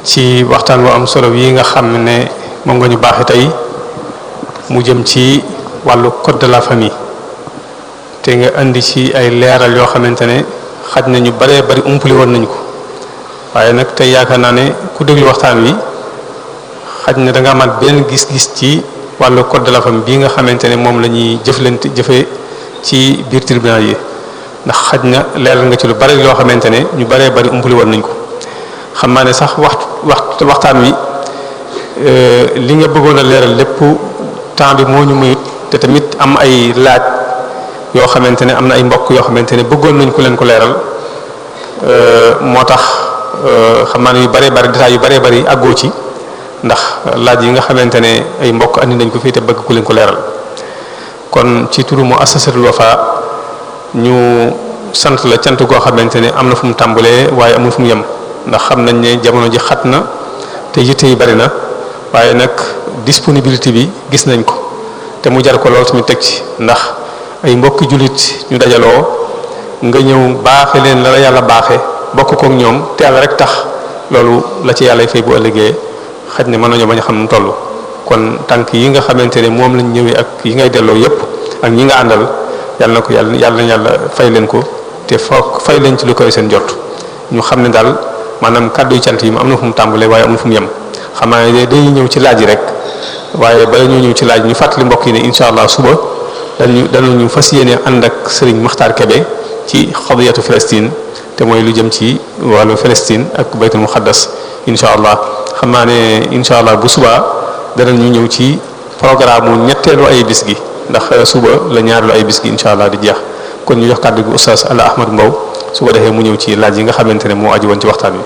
ci waxtaan bu am solo yi nga xam ne moom nga ñu baax a tey mu jëm ci wàllu code de la te nga indi ci ay leeral yoo xamante ne xaj na ñu baree bari umpali woon nañu ko waaye nag tey yaakaar naa ne ku déglu waxtaan wi xaj na danga nga amaat benn gis-gis ci wàllu code de la famille nga xamante ne moom la ñuy jëflante jëfee ci biir tribunal yi. ndax xaj na leeral nga ci lu bari loo xamante ne ñu baree bari li woon nañ ko xam naa ne sax waxtu waxtu waxtaan wi euh, li nga bëggoon a leeral lépp temps bi moo ñu muyut te tamit am ay laaj yoo xamante ne am na ay mbokk yoo xamante ne bëggoon nañ ko leen ko leeral euh, moo tax euh, xam naa ne yu baree bari détails yu baree bari àggoo ci ndax laaj yi nga xamante ne ay mbokk andi nañ ko fii te bëgg ku leen ko leeral kon ci turu mu assasatul Wafa ñu sant la cant goo xamante ne am na fu mu tàmbalee waaye amul fu mu yem ndax xam nañ ne jamono ji xat na te yitte yi bari na waaye nag disponibilité bi gis nañ ko te mu jar ko lool tamit teg ci ndax ay mbokki jullit ñu dajaloo nga ñëw baaxe leen la la yàlla baaxe bokk kook ñoom te yàlla rek tax loolu la ci yàlla fay bu ëllëgee xaj ne mën nañoo bañ a xam nu toll kon tànk yi nga xamante ne moom lañ ñëwee ak yi ngay delloo yépp ak ñi nga àndal yàlla na ko yàlla yàlla na yàlla fay leen ko te foog fay leen ci lu koy seen jot ñu xam ne daal maanaam kàddu yu cant yi mu am na fu mu tàmbalee waaye am na fu mu yem xam naa ne dañuy ñëw ci laaj yi rek waaye ba ñu ñëw ci laaj ñu fàttali mbokk yi ne incha allah suba dañu ñu fas yéene ànd ak Serigne Makhtar Kebe ci xadiyatu Palestine te mooy lu jëm ci wàllu Palestine ak baytul muqaddas incha allah xam naa ne incha allah bu subaa danañu ñëw ci programme mu ñetteelu ay bis gi ndax suba la ñaareelu ay bis gi incha allah di jeex. kon ñu jox kàddu gi oustaz Alla Ahmad Mbow su ko defee mu ñëw ci laaj yi nga xamante ne moo aju woon ci waxtaan wi.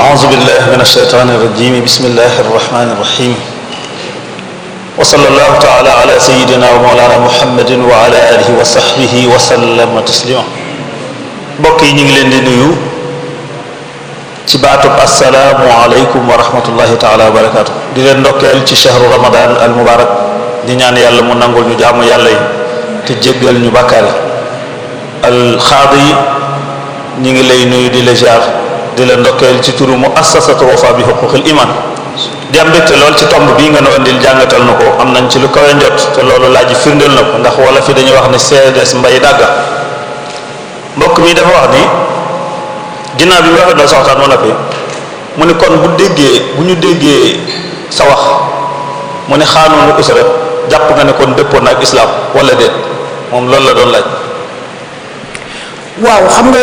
أعوذ a من الشيطان الرجيم بسم الله الرحمن الرحيم wa sallallahu taala ala sayidina wa maulana muhammadin wa ala alihi wa sahbihi wa sallama taslima mbokk yi ñu ngi leen di nuyu ci baatub assalaamu aleykum wa rahmatullahi taala wa barakatu di leen ndokkeel ci chahru ramadan al mubarak di ñaan yàlla mu nangul ñu jaamu yàlla yi te jéggal ñu bàkkaar yi alxaadi yi ñu ngi lay nuyu di la jaar di la ndokkeel ci turu mu assasatu wafa bi xuquqil iman di am mbégte lool ci tomb bii nga nu indil jàngatal na ko am nañ ci lu kawe njot te loolu laaj firndeel na ko ndax wala fi dañuy wax ne seedes mbay dàgga mbokk mi dafa wax ni ginnaaw bi mu bu déggee bu ñu déggee sa wax mu ne xaanunu usra jàpp nga dëppoon ak islaam wala déet moom loolu la doon laaj xam nga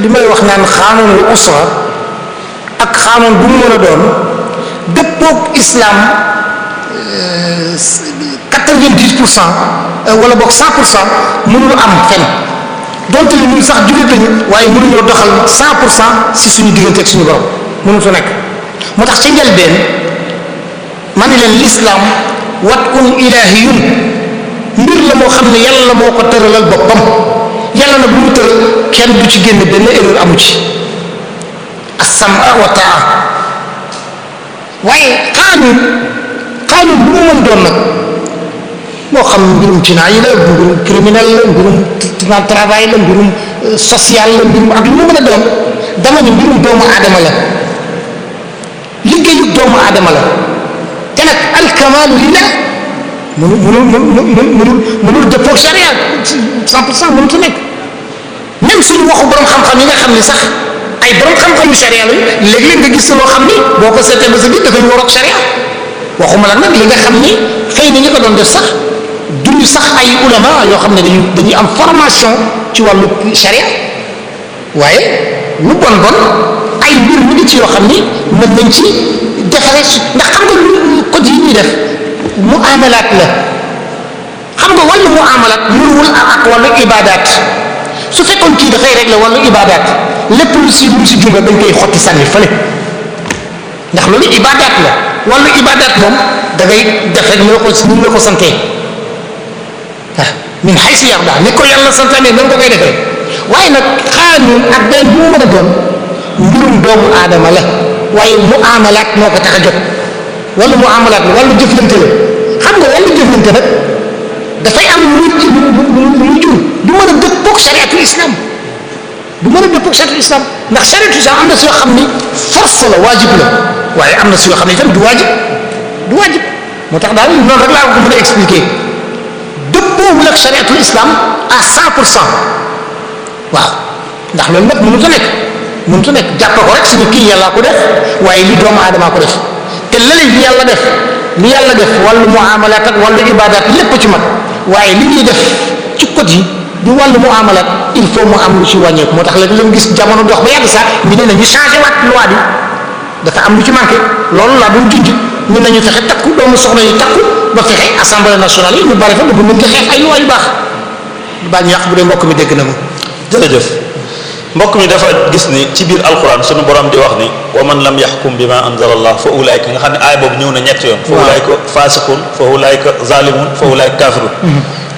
li may wax naan xaanunu usra ak xaanoon bu mu mën a doon dëppoog islam euh, quatre vingt pour cent euh, wala boog cent pour cent mënul am fenn donte ni ñun sax jullit lañu waaye mënuñoo doxal cent pour cent si suñu digganteeg suñu borom mënul fa nekk moo tax ci njëlbeen ma ne leen lislaam wat un ilahiyun mbir la moo xam ne yàlla moo ko tëralal boppam yàlla na bu mu tëral kenn bu ci génn benn erreur amu ci asama wa waaye xaanuut xaanuut bu mu mën doon moo xam mbirum cinaa yi la mbirum criminel la mbirum travail la mbirum euh, social la mbirum ak lu mu mën a doon dama ne mbirum doomu aadama la liggéeyu doomu aadama la te nag alkamaalu lillah mënu mënu mënu mënu mënul dëppoo charia cent pour cent mënut a nekk même suñu waxu borom xam-xam yi nga xam ne sax ay borom xam-xamu sharia lañu léeg-léeg nga gis loo xam ni boo ko seetee ba sa biir dafay waroog sharia waxuma la nag li nga xam ni xëy na ñu ko doon def sax duñu sax ay ulama yoo xam ne dañu dañuy am formation ci wàllu sharia waaye lu bon ay mbir mu ngi ci yoo xam ni mën nañ ci defaree ndax xam nga lu code yi ñuy def muamalaat la xam nga wàllu muamalaat mënuwul ak wàllu ibadaat su fekkoon kii dafay régler wàllu ibadaat lépp lu si lu si jumba dañ koy xotti sànni fële ndax loolu ibaadaat la wàllu ibaadaat moom dagay ngay def rek ni la ko ni la ko santee waaw xay si yar daal ni ko yàlla santaanee nan ko koy defee waaye nag xaanuun ak a doon mbirum doomu aadama la waaye mu amalaat moo ko tax jot wala mu amalaat la wala jëflante la xam nga wala dafay am lu mu lu mu jur du a dëpp du mën a dëppoo charte islam ndax charte islam am na si yoo xam ni force la waajib la waaye am na si yoo xam ne itam du waajib du waajib moo tax daal noonu rek laa ko mën a expliquer dëppoowul ak chariatul islam à 100 pour cent waaw ndax loolu nag mënut a nekk mënut a nekk jàpp ko rek suñu kii yàllaa def waaye li doomu aadamaa ko def te lële li yàlla def li yàlla def wàllu muamalaat ak wàllu ibaadaat lépp ci mag waaye li ñuy def ci côté yi. du wàllu mu amalat il faut mu am lu ci wàññeeku moo tax la leen gis jamono dox ba yàgg sax ñu ne nañu changé waat loi bi dafa am lu ci manqué loolu laa doon junj ñu nañu fexe takku doomu soxna yi takku ba fexe assemblée nationale yi ñu bare fa bu mën di xeex ay loi yu baax bañ yàq bu dee mbokk mi dégg na ma jërëjëf mbokk mi dafa gis ni ci biir alquran sunu borom di wax ni man lam yaxkum bi ma anzala allah fa ulaayka nga xam ne aay boobu ñëw na ñett yoon fa ulaayka faasiqun fa ulaayka zalimun fa ulaayka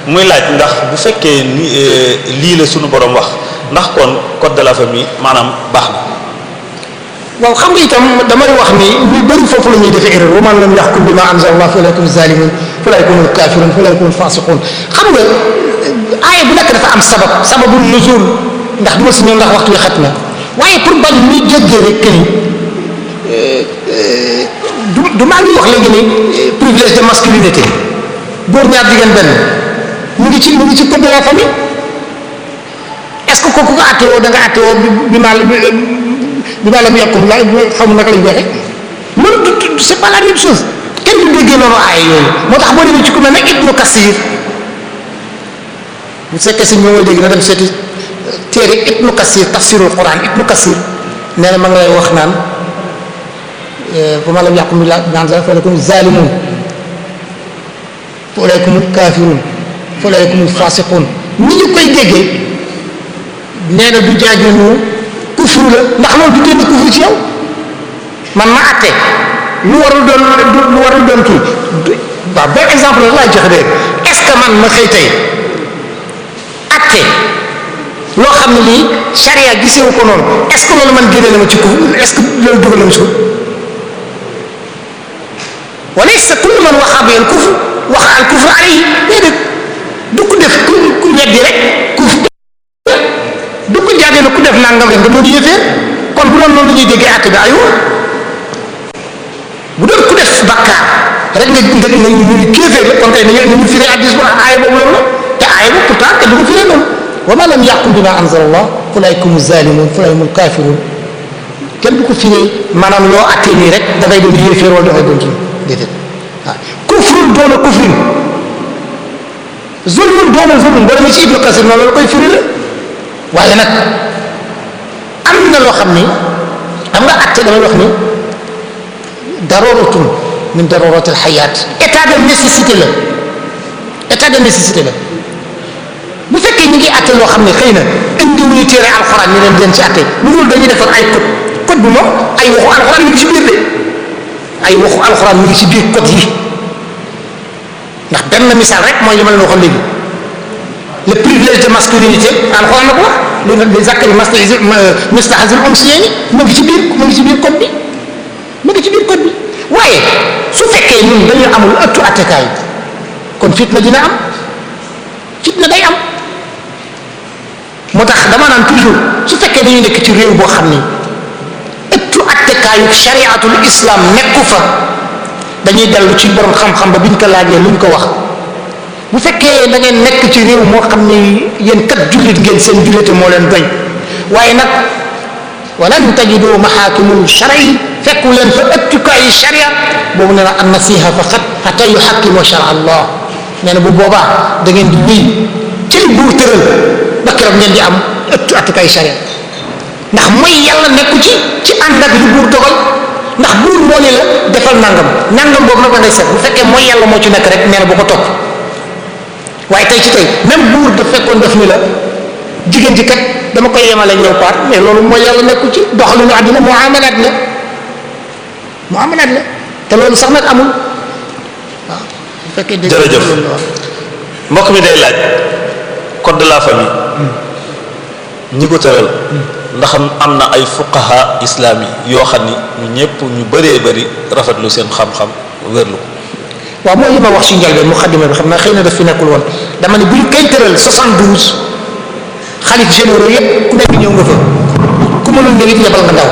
muy laaj ndax bu fekkee ni euh, lii la sunu borom wax ndax kon code de la famille maanaam baax na. waaw xam nga itam damay wax ni ñu bëri foofu la ñuy defee erreur wa man lam yaxkum bima anzala Allah fa ulaa'ika humu zaalimuun fa ulaa'ika humul kaafiruun fa ulaa'ika humul faasiquun xam nga euh, aaya bu nekk dafa am sabab sababu nuzul ndax du ma si ndax waxtu wi na waaye pour bañ ñu jéggee rek ni euh, du du maa ngi wax léegi ni privilège de masculinité góor ñaar mu ngi ci mu ngi ci code de la famille est ce que kooku nga àtte woo da nga àtte woo bi ma bi ma la mu yokkum la xaw ma naka lañ waxee loolu du c'est pas la même chose kenn du déggee noonu aay yooyu moo tax boo demee ci ku mel ne Ibnu Kasir bu fekkee si ñoo dégg na dem seeti téere Ibnu Kasir tafsirul Quran Ibnu Kasir nee na ma ngi lay wax naan eh, bu ma la mu yàqu mi la naan la fa lakum zalimun wa alaykum kafirun fulaykumul fasiqun ni ñu koy déggee nee na du jaaju ñu kufru la ndax loolu du génn kufru ci yow man ma àtte lu warul doon lu warul doon kii waaw benn exemple la laay joxe rek est-ce que man ma xëy tey àtte loo xam ne lii charia gisewu ko noonu est-ce que loolu man génne na ma ci kufru est-ce que loolu dugal na ma ci kufru walaysa kullu man waxa bil kufr waxa al kufr alayhi déedéet du ko def ku ku weddi du ko jaagee ne ku def nangam rek nga doon yéefee kon bu doon loolu dañuy déggee àtte bi aywa bu doon ku def bàkkaar rek nga nga nga ñu kéefee la kon tey nañu nañu firee addis bu aaya boobu loolu la te aaya boobu pourtant te du ko ma lam yaqum bima anzala allah fa ulaika humu zalimun fa ulaika humul kafirun kenn du ko firee maanaam loo attee nii rek dafay doon yéefee wala dafay doon kii déedéet kufrun doona kufrin zulmun doonul zulmun boo demee ci ibnu kasir noonu la koy firi la waaye nag am na loo xam ni xam nga acte damay wax ni daroratun min darorat al xayaat état de nécessité la état de nécessité la bu fekkee ñu ngi atte loo xam ne xëy na indiwuñu téere alxuraan ñu leen di leen ci atte lu dul dañuy defar ay code code bu moom ay waxu alxuraan mi ngi ci biir de ay waxu alxuraan mi ngi ci biir code yi benn misaal rek mooy li ma leen waxoon léegi le privilège de masculinité alxuraan la ko wax lu ne li zakari mu ngi ci biir mu ngi ci bi mu ci waaye su fekkee ñun dañu amul ëttu attekaay kon fitna dina am fitna day am moo tax dama naan toujours su fekkee dañu nekk ci réew boo xam ni ëttu attekaayu shariatul islam nekku fa dañuy dellu ci borom xam-xam ba biñ ko laajee luñ ko wax. bu fekkee da ngeen nekk ci réew moo xam ni yéen kat jullit ngeen seen jullite moo leen doy waaye nag walan tajidu mahakimul shar'i fekku leen fa ëttukaay yi sharia boobu nee na an nasiha faqat hatta yuhakkimu shar allah nee na bu boobaa da ngeen di wéy ci li buur tëral ba di am ëttu attukaay ndax mooy yàlla nekk ci ci ànd ak li buur dogal ndax buur moo ni la defal nangam nangam boobu nag la ngay seet bu fekkee mooy yàlla moo ci nekk rek nee na bu ko waaye tey ci tey même buur da fekkoon def ni la jigéen ji kat dama koy yemale ñëw paar mais loolu mooy yàlla nekku ci doxalinu àddina mu amalaat la mu amalaat la te loolu sax nag amul waaw bu fekkee dégg jërëjëf mbokk mi day laaj code de la famille hmm. ñi ko tëral hmm. ndax am na ay fuqaha islami yoo xam ni ñu ñëpp ñu bëree bëri rafetlu seen xam-xam wérlu ko waaw mooy li ma wax ci njëlbeen muqaddima bi xam naa xëy na daf fi nekkul woon dama ne bu ñu koy tëral 72 xalit généraux yépp ku nekk ñëw nga fa ku mënul ñëw it yebal nga ndaw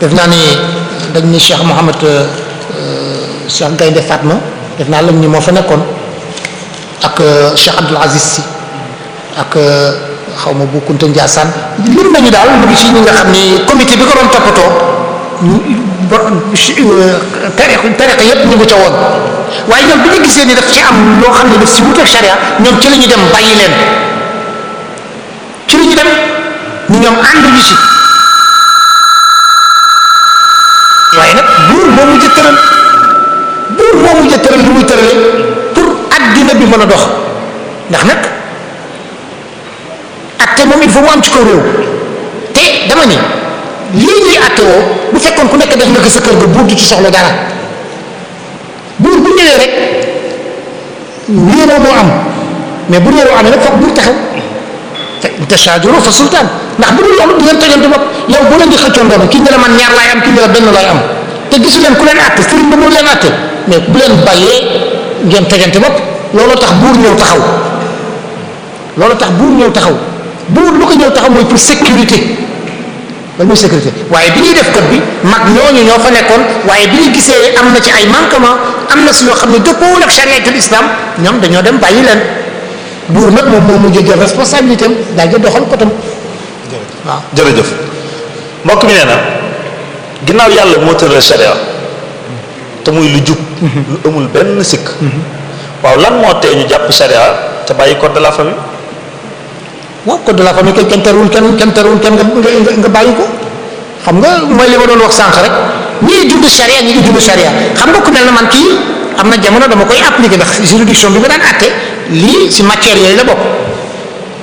def naa ni dañ ni Cheikh Mouhamad euh, euh, Cheikh Gaynde Fatma def naa lañ ni moo fa nekkoon ak euh, Cheikh Abdoul Aziz Sy ak xaw ma bu Kunta Ndiassane lim nañu daal mu ngi ci ñi nga xam ni comité bi ko doon Euh, tariq tariqa yépp ñu ngi ca woon waaye ñoom bi ñu gisee ni daf ci am loo xam ne daf si wutal sharia ñoom ci la ñu dem bàyyi ci la ñu dem ñu ñoom ànd ñu si waaye nag buur moo mujj tëral buur moo mujj tëral li muy tërale pour addina bi mën a dox ndax nag atte moom il faut ci kaw réew te dama ni lii ñuy àttewoo bu fekkoon ku nekk def nga ko sa kër ga buutu ci soxla dara buur bu ñëwee rek réeroo moo am mais bu réeroo amee am foog buur taxaw te tasaajuroo fa sultaan ndax bu dul loolu di ngeen leen di xëccoon doom kii ne la man ñaar laay am kii ne la benn laay am te gisu leen ku leen àtte sëriñ ba mu leen àtte mais bu leen bàyyee ngeen tojante bopp looloo tax buur ñëw taxaw loolu tax buur ñëw taxaw buur lu ko ñëw taxaw mooy pour sécurité. ba ñuy sécurité waaye bi ñuy def code bi mag ñooñu ñoo fa nekkoon waaye bi ñu gisee am na ci ay manquement am na si loo xam ne dëppoowul ak chariatul islam ñoom dañoo dem bàyyi leen buur nag moom moo mujj jël responsabilité am daal di doxal kotam waaw jërëjëf mbokk mi nee na ginnaaw yàlla moo tëral charia te muy lu jub mhm. lu amul benn sikk mhm. waaw lan moo tee ñu jàpp charia te bàyyi code de la famille waaw code de la famille kenn kenn terewul kenn kenn terewul kenn nga nga bàyyi ko xam nga mooy li ma doon wax sànq rek ñii judd charia ñi ngi judd charia xam nga ku mel na man kii am na jamono dama koy appliquer ndax juridiction bi ma daan àtte lii si matière yooyu la bokk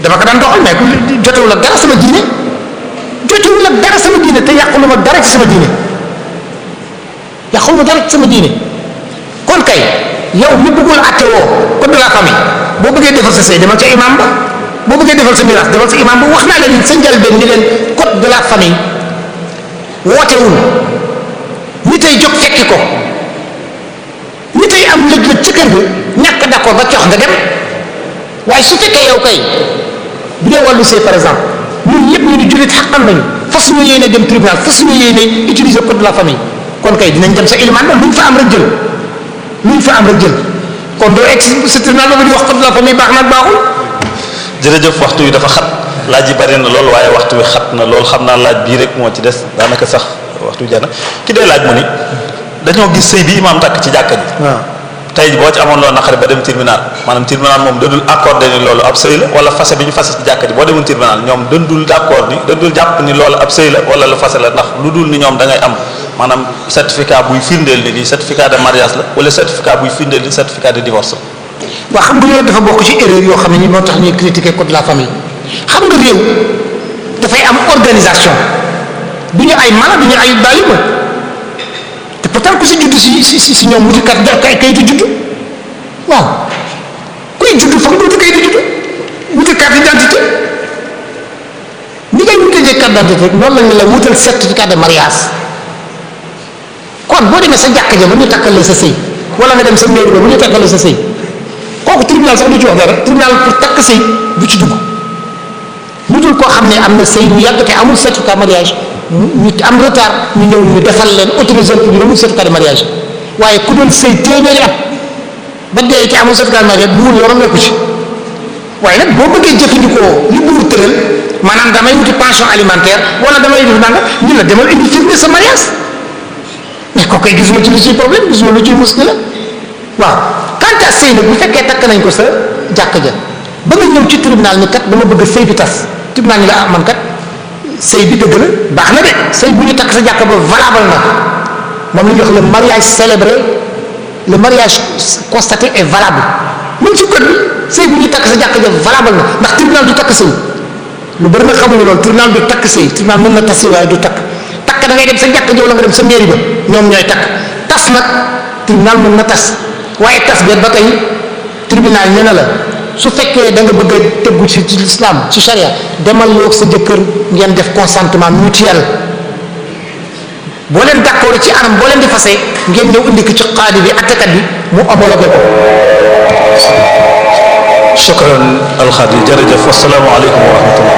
dama ko daan doxal mais jotewul ak dara sama diine jotewul ak dara sama diine te yàqulu ma dara ci sama diine yàqulu ma dara ci sama diine kon kay yow mi bëggul àtte woo code de la famille boo bëggee defar sa sëy demal ca imam ba boo bëggee defal sa miraas defal sa imam bu wax naa leen sa njëlbeen ni leen code de la famille wootewul ñi tey jóg fekki ko ñi tey am lëj lëj ci kër bi ñàkk d'accord ba cox nga dem waaye su fekkee yow kay bu dee wàllu sëy par exemple ñun ñëpp ñu ni jullit xaqan lañu fas ñu yéene dem tribunal fas ñu yéene utiliser code de la famille kon kay dinañ dem sa iliman ba luñ fa am rek jël luñ fa am rek jël kon doo egg sa tribunal ba di wax code de la jërëjëf waxtu wi dafa xat laaj yi bari na loolu waaye waxtu wi xat na loolu xam naa laaj bii rek moo ci des daanaka sax waxtu wi jana ki dee laaj mu ni dañoo gis sëy bi imaam takk ci jàkka ji tey boo ci amoon loolu naqari ba dem tribunal maanaam tribunal moom dadul accordé ni loolu ab sëy la wala fase bi ñu fase ci jàkka ji boo demoon tribunal ñoom dandul d'accord ni dandul jàpp ni loolu ab sëy la wala lu fase la ndax lu dul ni ñoom da ngay am maanaam certificat buy firndeel ni lii certificat wala certificat buy firndeel ni certificat de waa xam nga loolu dafa bokk ci erreur yoo xam ne moo tax ñuy critiquer code de la famille xam nga réew dafay am organisation du ñu ay mala du ñu ay bàyyi ma te pourtant ku si judd si si si ñoom wuti kat jox ko ay waaw kuy judd foog nga wuti kayitu judd wuti carte d'identité ni ngay wutee carte d'identité rek noonu lañ la wutal certificat de mariage kon boo demee sa jàkka ja ba ñu takkal la sa sëy wala nga dem sa néeg ba ñu takkal la sa sëy kooku tribunal sax du ci wax dara tribunal pour takk sëy bu ci dugg lu dul koo xam ne am na sëy bu yàgg te amul certificat mariage ñu am retard ñu ñëw ñu defal leen autorisé pour ñu amul certificat de mariage waaye ku doon sëy téeméeri at ba dee te amul certificat de mariage bu wul yoonam nekku ci waaye nag boo bëggee jëfandikoo li buur tëral maanaam damay wuti pension alimentaire wala dama def nanga ñu la demal indi firnde sa mariage mais kooku gisuma ci lu ci problème gisuma lu ci mus la waaw quant à sëy nag bu fekkee takk nañ ko sa jàkk ja ba nga ñëw ci tribunal ni kat dama bëgg sëy bi tas tribunal ni la ah man kat sëy bi dëgg la baax na de sëy bu ñu takk sa jàkk ba valable na moom la ñuy wax le mariage célébré le mariage constaté est valable même ci code bu ñu takk sa jàkk ja valable na ndax tribunal du takk sëy lu bëri nag xamuñu loolu tribunal du takk sëy tribunal mën na tas waaye du takk takk da ngay dem sa jàkk jow la nga dem sa mairie ba ñoom ñooy takk tas nag tribunal mën na tas waaye tasbir ba tey tribunal nee na la su fekkee da nga bëgg a tëggu ci ci lislaam ci charia demal yoog sa jëkkër ngeen def consentement mutuel boo leen d'accord ci anam boo leen di fase ngeen ñëw indi ko ci xaadi bi attakat bi mu homologué ko shukran alxaadi jërëjëf assalaamu aleykum wa rahmatullah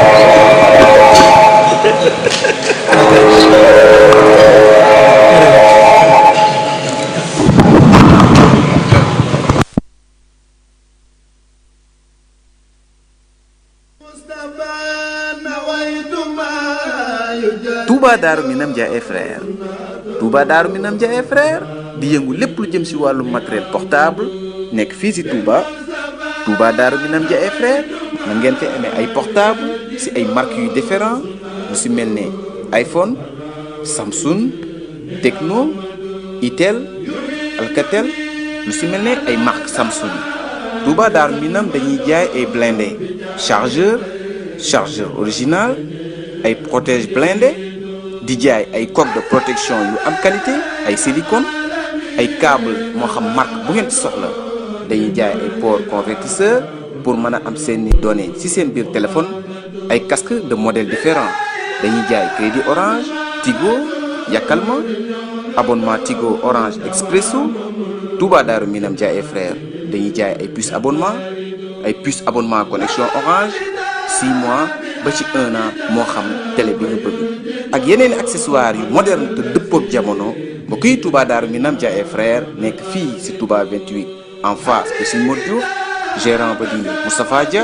Touba Daaru Minam Dia et Touba Daaru Minam Dia et di yëngu lépp lu jëm ci wàllu matériel portable nekk fii si Touba Touba Daaru Minam Dia et na ngeen fi amee ay portable ci ay marques yu différent lu si mel ne iPhone Samsung Tecno Itel Alcatel lu si mel ne ay marque Samsung Touba Daaru Minam dañuy jaay ay blindé chargeur chargeur original ay protège blindé di jaay ay coque de protection yu am qualité ay silicone ay câble moo xam marque bu ngeen soxla dañuy jaay ay port convertisseur pour mën a am seeni données si seen biir téléphone ay casque de modèles différents dañuy jaay crédit orange Tigo Yakalma abonnement Tigo orange expresso Touba Daaru Minam Jaay et frère dañuy jaay ay puce abonnement ay puce abonnement connexion orange 6 mois ba ci un moo xam télé bi nga bëgg ak yeneen accessoires yu moderne te dëppook jamono mbokk yi Touba Darou Minam Dia et frère nekk fii si Touba 28 en face de suñu Modou Diouf gérant ba di Moustapha Dia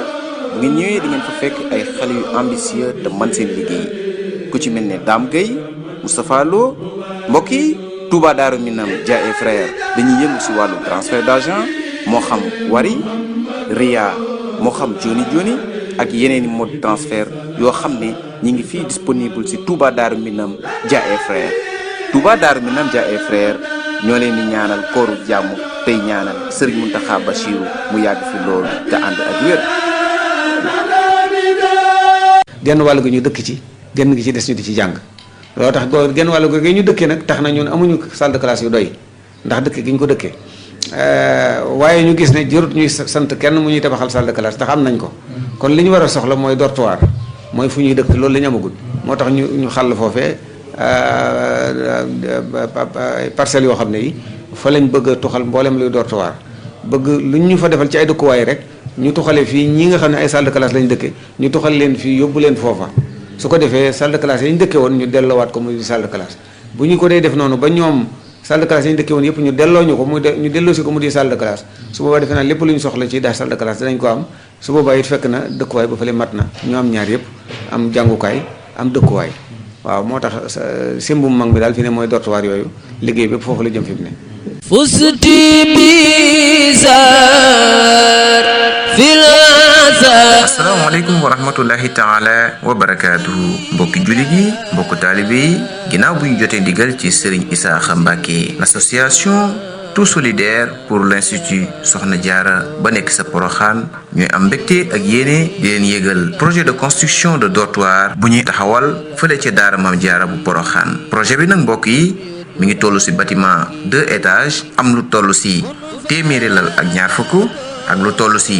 bu ngeen ñëwee di fa fekk ay xale yu ambitieux te man seen liggéey ku ci mel ne Dame Gueye Moustapha Lo mbokk yi Touba Darou Minam Dia et frère dañuy yëngu si wàllu transfert d'argent moo xam Wari Ria moo xam Joni Joni ak yeneen i mode yoo xam ne ñi ngi fii disponible si Touba Darou Minam Dia et Frères Touba Darou Minam Dia ñoo leen di ñaanal kooru jàmm tey ñaanal Serigne Mountakha Bachirou mu yàgg fi loolu te ànd ak wér. genn wàll gi ñu dëkk ci genn gi ci des ñu di ci jàng loolu tax genn wàll gi ñu dëkkee nag tax na ñun amuñu salle de classe yu doy ndax dëkk gi ñu ko dëkkee. Euh, waaye ñu gis ne jërut ñuy sant kenn mu ñuy tabaxal salle de classe am nañ ko kon li ñu war a soxla mooy dortoir mooy fu ñuy dëkk loolu la ñu amagul moo tax ñu ñu xàll foofee euh, parcelles yoo xam ne yi fa lañ bëgg a tuxal mboolem luy dortoir bëgg lu ñu fa defal ci ay dëkkuwaay rek ñu tuxale fii ñi nga xam ne ay salle de classe dëkke ñu tuxal leen fii yóbbu leen foofa su ko defee salle de classe ñu dëkke woon ñu delloowaat ko muy salle de classe bu ñu ko dee def salle de classe yi ñu dëkkee woon yëpp ñu delloo ñu ko mu de ñu delloo si ko mu di salle de classe su boobaa defe naa lépp lu ñu soxla ci daa salle de danañ ko am su boobaa it fekk na dëkkuwaay ba fële mat na ñu am ñaar yëpp am jàngukaay am dëkkuwaay waaw moo tax simbum mag bi daal fi ne mooy dortoir yooyu liggéey bépp foofu la jëm fi mu ne fusti bizar asalaamaaleykum wa rahmatullahi taala wa barakaatuhu mbokki jullit yi mbokku taalibe yi ginnaaw bu ñu jotee ndigal ci Serigne Isaaxa Mbàkke l'association tout solidaire pour l'institut Soxna Jaara ba nekk sa Poroxaan ñooy am mbégte ak yéene di leen yégal projet de construction de dortoir bu ñuy taxawal fële ca daara Maam Jaara bu Poroxaan projet bi nag mbokk yi mu ngi toll ci bâtiment deux étages am lu toll ci téeméeri lal ak ñaar fukk ak lu toll ci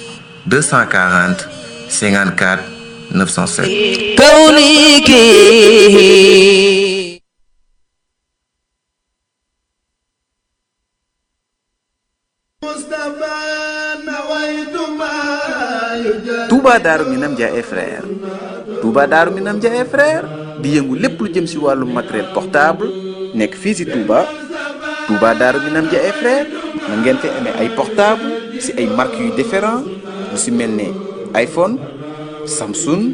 240 54 907 kawniki Touba Darou Minam Dia et frères Touba Darou Minam Dia et frères di yëngu lépp lu jëm ci wàllu matériel portable nekk fii ci Touba Touba Darou Minam Dia et frères na ngeen fi ay portable ci ay marques yu différents lu si mel ne iPhone Samsung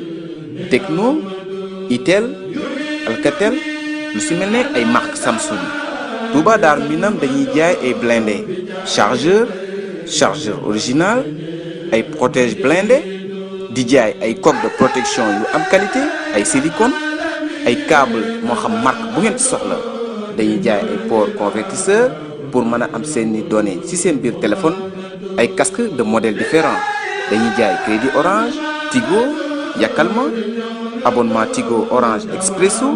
Tecno Itel Alcatel lu si mel ne ay marque Samsung Touba Darou Minam dañuy jaay ay blinde chargeur chargeur original ay protège blindé di jaay ay coque de protection yu am qualité ay silicone ay câble moo xam marque bu ngeen ci soxla dañuy jaay ay port convertisseur pour mën a am seeni données si seen biir téléphone ay casque de modèles différents dañuy jaay crédit orange Tigo Yakalma abonnement Tigo orange expresso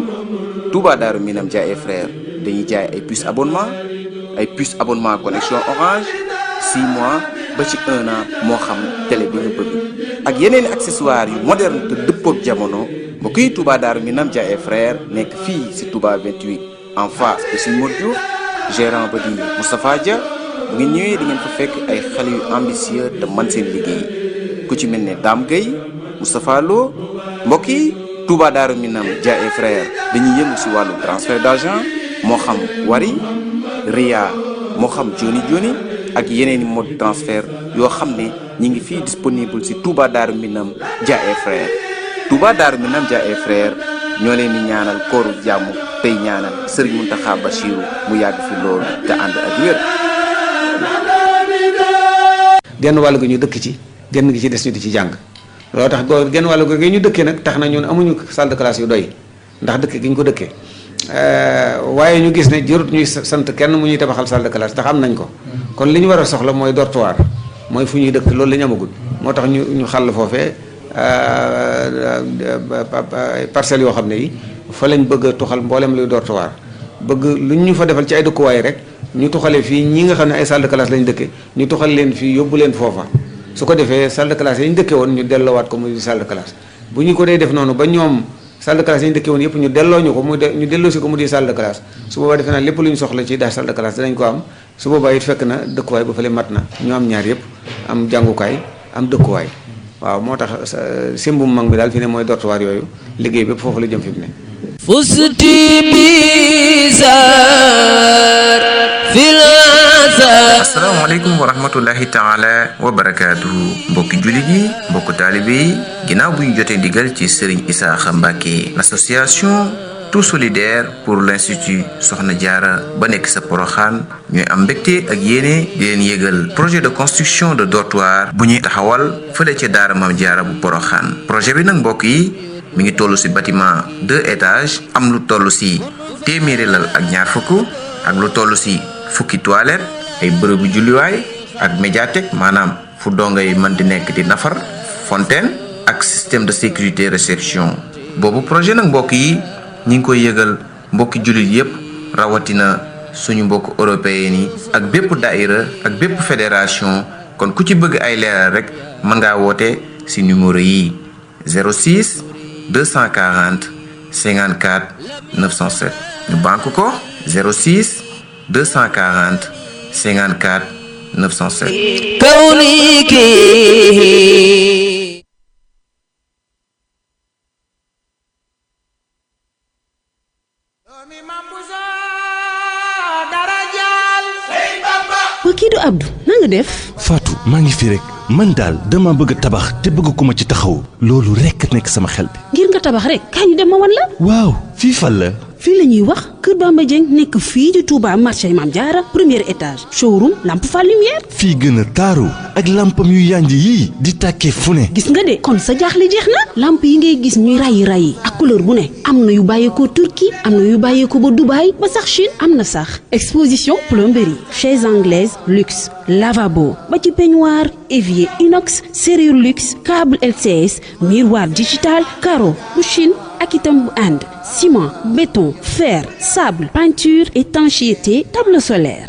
Touba Daaru Minam Jaay et frère dañuy jaay ay puces abonnement ay puces abonnement connexion orange 6 mois ba ci 1 an moo xam télé bi nga bëgg ak yeneen accessoires yu moderne te dëppoog jamono mbokk yi Touba Daaru Minam Jaay et frère nekk fii si Touba 28 en face de suñu mot gérant ba di Moustapha Dia bu ngeen ñëwee di ngeen fa fekk ay xale yu ambitieux te man seen liggéey ku ci mel ne Dame Gueye Moustapha Lo mbokk yi Touba Darou Minam Dia et frère dañuy yëngu si wàllu transfert d'argent moo xam Wari Ria moo xam Joni Joni ak yeneeni i mode yoo xam ne ñi ngi fii disponible si Touba Darou Minam Dia et frère Touba Darou Minam Dia et frère ñoo leen ñaanal kooru jàmm tey ñaanal Serigne Mountakha Bachirou mu yàgg fi loolu te ànd ak wér genn wàll gi ñu dëkk ci genn gi ci des ñu di ci jàng loolu tax goo genn wàll gi ñu dëkkee nag tax nañu ñun amuñu salle de yu doy ndax dëkk gi ñu ko dëkkee euh, waaye ñu gis ne jërut ñuy sant kenn mu ñuy tabaxal salle de classe ndax am nañ ko kon li ñu war a soxla mooy dortoir mooy fu ñuy dëkk loolu la ñu amagul moo tax ñu ñu xàll foofee euh, euh, parcelles yoo xam ne yi fa lañ bëgg a tuxal mboolem luy dortoir bëgg lu ñu fa defal ci ay dëkkuwaay rek ñu tuxale fii ñi nga xam ne ay salle de classe dëkke ñu tuxal leen fii yóbbu leen foofa su ko defee salle de classe yi dëkke woon ñu delloowaat ko muy salle de classe bu ñu ko dee def noonu ba ñoom ñu dëkke woon yëpp ñu delloo ñu ko mu ñu delloo si ko mu di salle de classe su boobaa defe naa lépp lu ñu soxla ci daal salle de classe dinañ ko am su boobaa fekk na dëkkuwaay ba fële mat na ñu am ñaar yëpp am jàngukaay am dëkkuwaay waaw moo tax simbum mag bi daal fi ne mooy dortuwaar yooyu liggéey bépp foofu la jëm fi فزت بزار في asalaamaaleykum wa rahmatullahi taala wa barakaatuhu mbokki jullit yi mbokk taalibe ginnaaw bu ñu jotee digal ci Serigne Isaaxa Mbàkke l'association tout solidaire pour l'institut Soxna Jaara ba nekk sa Poroxaan ñooy am mbégte ak yéene di leen yégal projet de construction de dortoir bu ñuy taxawal fële ca daara Maam Jaara bu Poroxaan projet bi nag mbokk yi mi ngi toll si bâtiment deux étages am lu toll si téeméeri lal ak ñaar fukk ak lu toll si fukki toilette ay bërëbu julliwaay ak médiathèque maanaam fu dongay mën di nekk di nafar fontaine ak système de sécurité réception boobu projet nag mbokk yi ñu ngi koy yëgal mbokki jullit yépp rawatina suñu mbokk européen yi ak bépp daïra ak bépp fédération kon ku ci bëgg ay leeral rek mën ngaa woote si numéro yi 06 240 54 907 ñu ko 06 240 54 907 kawniki Kii du Abdou na nga def. Fatou maa ngi fi rek. man daal dama bëgg tabax te bëgg ku ma ci taxaw loolu rekk nekk sama xel bi. nga tabax rek kaay ñu dem waaw fii fan la. fii la ñuy wax Kër Bamba nekk fii ci Touba marché Mame Diarra premier étage showroom lampe fa lumière. fii gën a taaru ak lampam yu yànj yii di tàkkee fu ne. gis nga de kon sa jaaxle jeex na lamp yi ngay gis ñuy rayi rayi ak couleur bu ne am na yu bàyyeekoo Turquie am na yu bàyyeekoo ba Dubaï ba sax Chine am na sax exposition plomberie chaise anglaise luxe lavabo ba ci peignoir évier inox serrure luxe câble LCS miroir digital carreau bu Chine. ak itam bu ànd ciment béton fer sable peinture étanchéité table solaire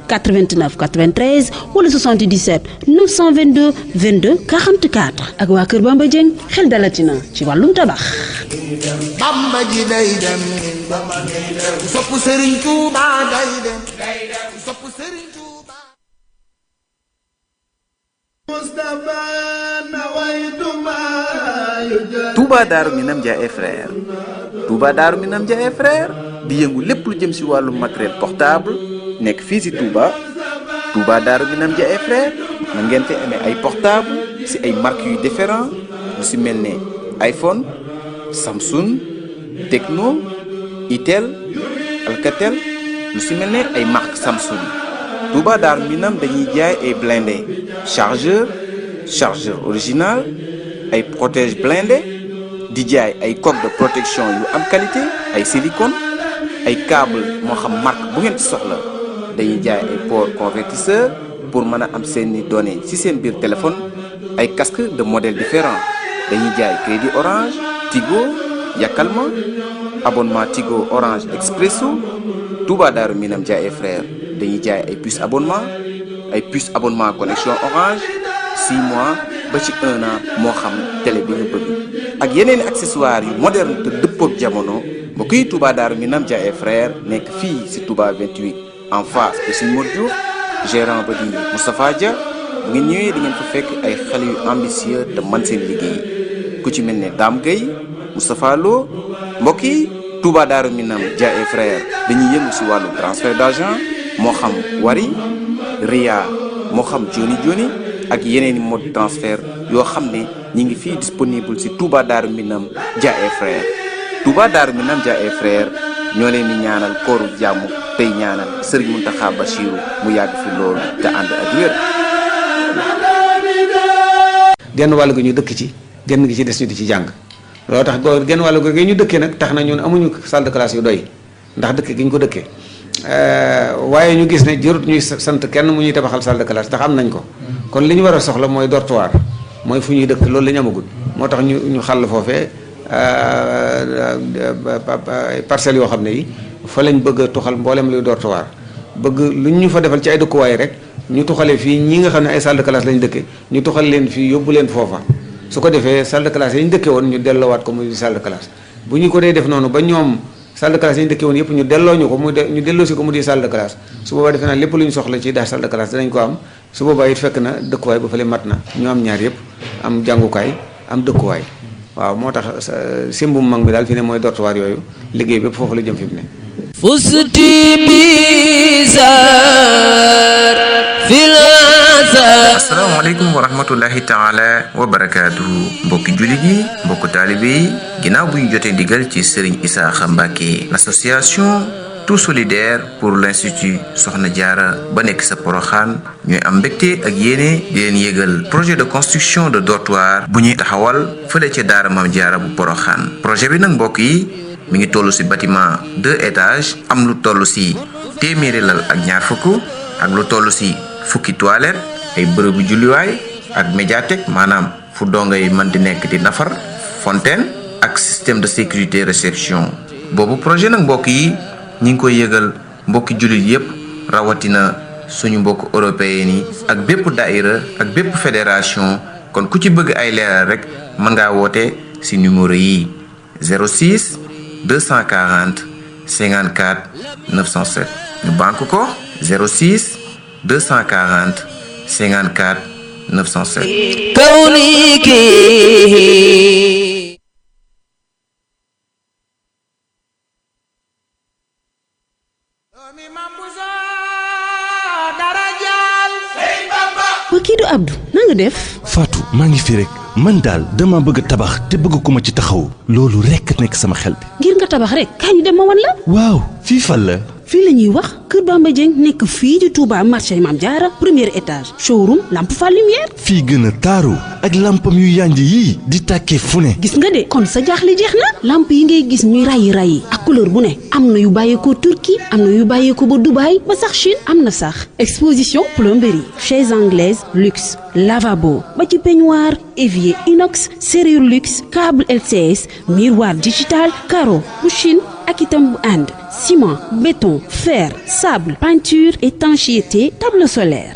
89 93 wala 77 922 22 44 ak waa Kër Bamba Dieng xel dalatina ci wàllum tabax. Bamba ji day dem sopp Serigne Touba day dem sopp Serigne Touba. Minam Dia et frère Minam Dia et di yëngu lépp lu jëm ci wàllu matériel portable. nekk fii si Touba Touba Darou Minam Dia et frère na ngeen fi ay portable si ay marques yu différent lu si mel ne iPhone Samsung Tecno Itel Alcatel lu si mel ne ay marque Samsung Touba Darou Minam dañuy jaay ay blindé chargeur chargeur original ay protège blindé di jaay ay coque de protection yu am qualité ay silicone ay câble moo xam marque bu ngeen soxla dañuy jaay ay port convertisseur pour mën a am seeni données ci seen biir téléphone ay casque de modèles différents dañuy jaay crédit orange Tigo Yakalma abonnement Tigo orange expresso Touba Daaru Minam Jaay et frère dañuy jaay ay puces abonnement ay puces abonnement connexion orange 6 mois ba ci un an moo xam télé bi nga bëgg ak yeneen accessoires yu moderne te dëppook jamono mbokk yi Touba Daaru Minam Jaay et frère nekk fii ci Touba 28 en face bi suñ Modou Diouf gérant ba di Moustapha Dia bu ñëwee di fa fekk ay xale yu ambitieux te man seen liggéey ku ci mel ne Dame Gueye Moustapha Lo mbokk yi Touba Daaru Minam Dia et frère dañuy yëngu si wàllu transfert d'argent moo xam Wari Ria moo xam Joni Joni ak yeneen i mode transfert yoo xam ne ñi ngi fii disponible si Touba Daaru Minam Dia et frère Touba Daaru Minam Dia et frère ñoo leen ñaanal kooru jàmm tey ñaanal sëriñ Muntaxa Bachiru mu yàgg fi loolu te ànd ak wér. genn ñu dëkk ci genn gi ci des ñu ci jàng loolu tax boo genn wàll gi ñu dëkkee nag tax na ñun amuñu salle de yu doy ndax dëkk gi ñu ko dëkkee euh, waaye ñu gis ne jërut ñuy sant kenn mu ñuy tabaxal salle de classe ndax am nañ ko. kon li ñu war a soxla mooy dortoir mooy fu ñuy dëkk loolu la moo tax ñu ñu xàll foofee. Euh, parcelles yoo xam ne yi fa lañ bëgg a tuxal mboolem luy dortoir bëgg lu ñu fa defal ci ay dëkkuwaay rek ñu tuxale fii ñi nga xam ne ay salle de classe dëkke ñu tuxal leen fii yóbbu leen foofa su ko defee salle de classe ñu dëkke woon ñu delloowaat ko muy salle de classe bu ñu ko dee def noonu ba ñoom salle de classe ñu dëkke woon yëpp ñu delloo ñu ko muy ñu delloo ko mu di salle de classe su boobaa defe naa lépp lu ñu soxla ci daa salle de classe dinañ ko am su boobaa it fekk na dëkkuwaay ba fële mat na ñu am ñaar yëpp am jàngukaay am dëkkuwaay waaw moo tax simbum mag mi daal fi ne mooy dortoir yooyu liggéey bépp foofu la jëm fi mu ne fusti bizar fil asalaamaaleykum wa rahmatullahi taala wa barakaatuhu mbokki julli gi mbokk taalibe yi ginnaaw bu ñu jotee digal ci Serigne Isaaxa Mbàkke l'association tout solidaire pour l'institut Soxna Jaara ba nekk sa poroxaan ñooy am mbégte ak yéene di leen yégal projet de construction de dortoir bu ñuy taxawal fa ca daara Maam Jaara bu poroxaan projet bi nag mbokk yi mu ngi toll ci bâtiment deux étages am lu toll ci téeméeri lal ak ñaar fukk ak lu toll ci fukki toilette ay bërëbu julliwaay ak médiathèque maanaam fu dongo yi mën di nekk di nafar fontaine ak système de sécurité réception boobu projet nag mbokk ñi ngi koy yëgal mbokki jullit yépp rawatina suñu mbokk européen yi ak bépp daïra ak bépp fédération kon ku ci bëgg ay leeral rek mën ngaa woote ci numéro yi 06 240 54 907 ñu banque ko 06 240 54 907 kawniki faatu maa ngi fi rek man daal dama bëgg a tabax te bëgg kuma ci taxaw loolu rek nekk sama xel bi. ngir nga tabax rek kaay dem ma wan la. waaw fii fan la. fii la ñuy wax Kër Bamba nekk fii di Touba marché Mame Diarra première étage showroom lampe fa lumière. fii gën a taaru ak lampam yu yànj yii di tàkkee fu ne. gis nga de kon sa jaaxle jeex na lampe yi ngay gis ñuy rayi rayi ak couleur bu ne am na yu bàyyeekoo Turquie am na yu bàyyeekoo ba Dubaï ba sax Chine am na sax exposition plomberie chaise anglaise luxe lavabo ba ci peignoir évier inox serrure luxe câble LCS miroir digital carreau bu Chine. ak itam bu ànd ciment béton fer sable peinture étanchéité table solaire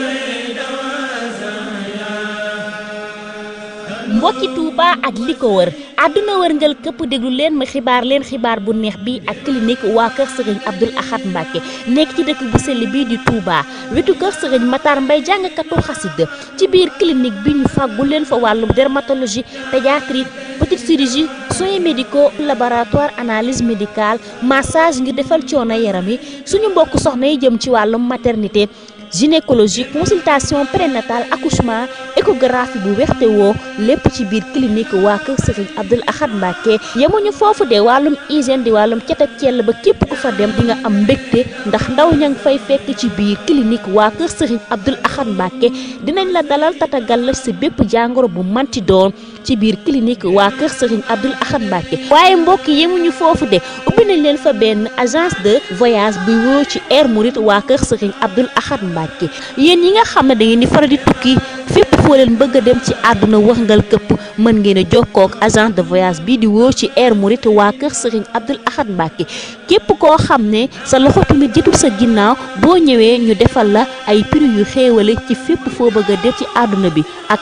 mbokki Touba ak li ko wër àdduna wërngël këpp déglu leen ma xibaar leen xibaar bu neex bi ak clinique waa kër sëriñ Abdoul Ahad Mbacke nekk ci dëkk bu sell bii di Touba wetu kër sëriñ Matar Mbay jàngkatu xasida ci biir clinique bi ñu fàggu leen fa wàllum dermatologie pédiatrie petite chirurgie soins médicaux laboratoire analyse médicale massage ngir defal coono yaram yi suñu mbokk soxna yi jëm ci wàllum maternité gynécologie consultation prénatale accouchement échographie bu wexte woo lépp ci biir clinique waa kër Serigne Abdoul Ahad Mbacké yemuñu foofu de wàllum hygiène di wàllum cet ak cell ba képp ku fa dem di nga am mbégte ndax ndaw ña ngi fay fekk ci biir clinique waa kër Serigne Abdoul Ahad Mbacké dinañ la dalal tatagal la si bépp jàngoro bu manti doon ci biir clinique waa kër Serigne Abdoul Ahad Mbacké waaye mbokk yemuñu foofu de ubbi nañ leen fa benn agence de voyage bi woo ci Air Mouride waa kër Serigne Abdoul Ahad Mbacké yéen yi nga xam ne da ngeen di faral di tukki fépp foo leen bëgg dem ci àdduna wërngal këpp mën ngeen jokkook jokkoo agent de voyage bii di woo ci Air Mouride waa kër Serigne Abdoul Ahad Mbacké képp koo xam ne sa loxo tamit jotul sa ginnaaw boo ñëwee ñu defal la ay prix yu xéewale ci fépp foo bëgg ci àdduna bi ak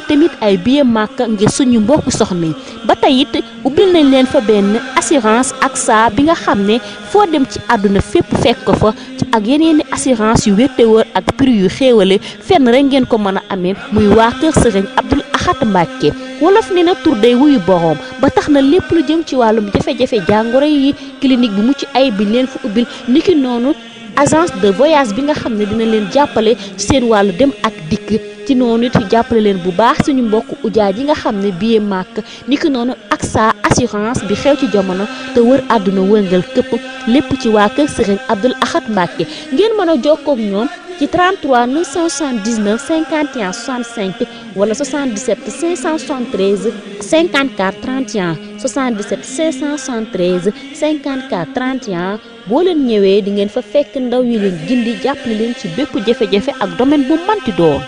bopp soxna yi ba tey it ubbil nañ leen fa benn assurance ak saa bi nga xam ne foo dem ci àdduna fépp fekk ko fa ak yeneen i assurance yu wétte wër ak prix yu xéewale fenn rek ngeen ko mën a amee muy waa Kër Sëriñ Abdul Ahad Mbàkke wolof ne na tur day wuyu boroom ba tax na lépp lu jëm ci wàllum jafe-jafe jàngoro yi clinique bi mucc ay bi leen fa ubbil niki noonu agence de voyage bi nga xam ne dina leen jàppale ci seen wàllu dem ak dikk ci noonu it jàppale leen bu baax suñu mbokk ujaay yi nga xam ne billet màkk niki noonu ak sa assurance bi xew ci jamono te wër àdduna wëngal këpp lépp ci waa kër Serigne Abdoul Ahad Mbacké ngeen mën a jokkoo ak ñoom ci 33 979 51 65 wala 77 573 54 31 77 573 54 31 boo leen ñëwee di ngeen fa fekk ndaw yi leen gindi jàppale leen ci bépp jafe-jafe ak domaine bu manti doon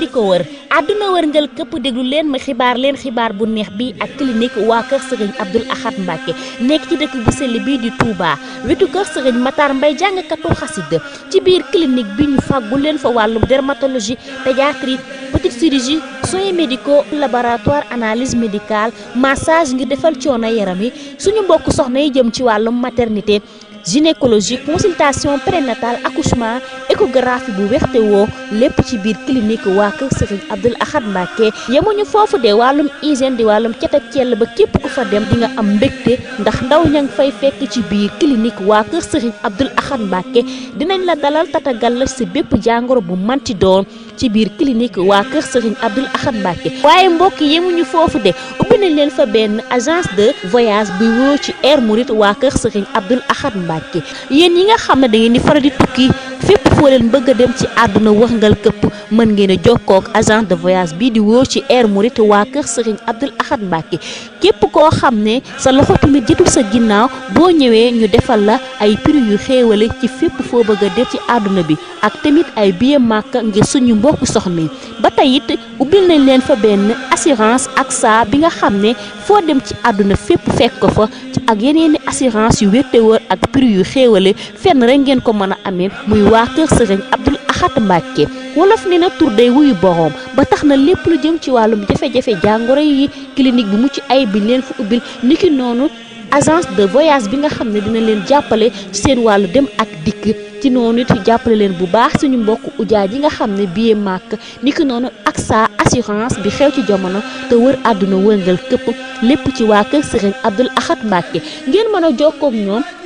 li ko wër àdduna wërngal këpp déglu leen ma xibaar leen xibaar bu neex bi ak clinique waa kër sëriñ Abdoul Ahad Mbacke nekk ci dëkk bu sell bii di Touba wetu kër sëriñ Matar Mbay jàngkatu xasida ci biir clinique bi ñu fàggu leen fa wàllum dermatologie pédiatrie petite chirurgie soins médicaux laboratoire analyse médicale massage ngir defal coono yaram yi suñu mbokk soxna yi jëm ci wàllum maternité gynécologie consultation prénatale accouchement échographie bu wexte woo lépp ci biir clinique waa kër Serigne Abdoul Ahad Mbacké yemuñu foofu de wàllum hygiène di wàllum cet ak cell ba képp ku fa dem di nga am mbégte ndax ndaw ña ngi fay fekk ci biir clinique waa kër Serigne Abdoul Ahad Mbacké dinañ la dalal tatagal si bépp jàngoro bu manti doon ci biir clinique waa Kër Serigne Abdoul Ahad Mbacké waaye mbokk yemuñu foofu de ubbi nañ leen fa benn agence de voyage buy wóor ci Air Mouride waa Kër Serigne Abdoul Ahad Mbacké yéen yi nga xam ne da ngeen di faral di tukki fépp foo leen bëgg a dem ci àdduna wërngal këpp mën ngeen a jokkoo agent de voyage bii di wóor ci Air Mouride waa kër Serigne Abdoul Ahad Mbacké képp koo xam ne sa loxo tamit jotul sa ginnaaw boo ñëwee ñu defal la ay prix yu xéewale ci fépp foo bëgg a dem ci àdduna bi ak tamit ay billet Makka ngir suñu mbokku soxna ba tey it ubbil nañ leen fa benn assurance ak saa bi nga xam ne foo dem ci àdduna fépp fekk ko fa ak yeneeni assurance yu wéttewër ak prix yu xéewale fenn rek ngeen ko mën a amee waa kër sëriñ Abdul Ahad Mbàkke wolof ne na tur day wuyu boroom ba tax na lépp lu jëm ci wàllum jafe-jafe jàngoro yi clinique bi mucc ay bi leen fu ubbil niki noonu agence de voyage bi nga xam ne dina leen jàppale ci seen wàllu dem ak dikk ci noonu it jàppale leen bu baax suñu mbokk ujaa yi nga xam ne billet màkk niki noonu ak sa assurance bi xew ci jamono te wër àdduna wërngal këpp lépp ci waa kër sëriñ Abdul Ahad Mbàkke ngeen mën a jokkoog ñoom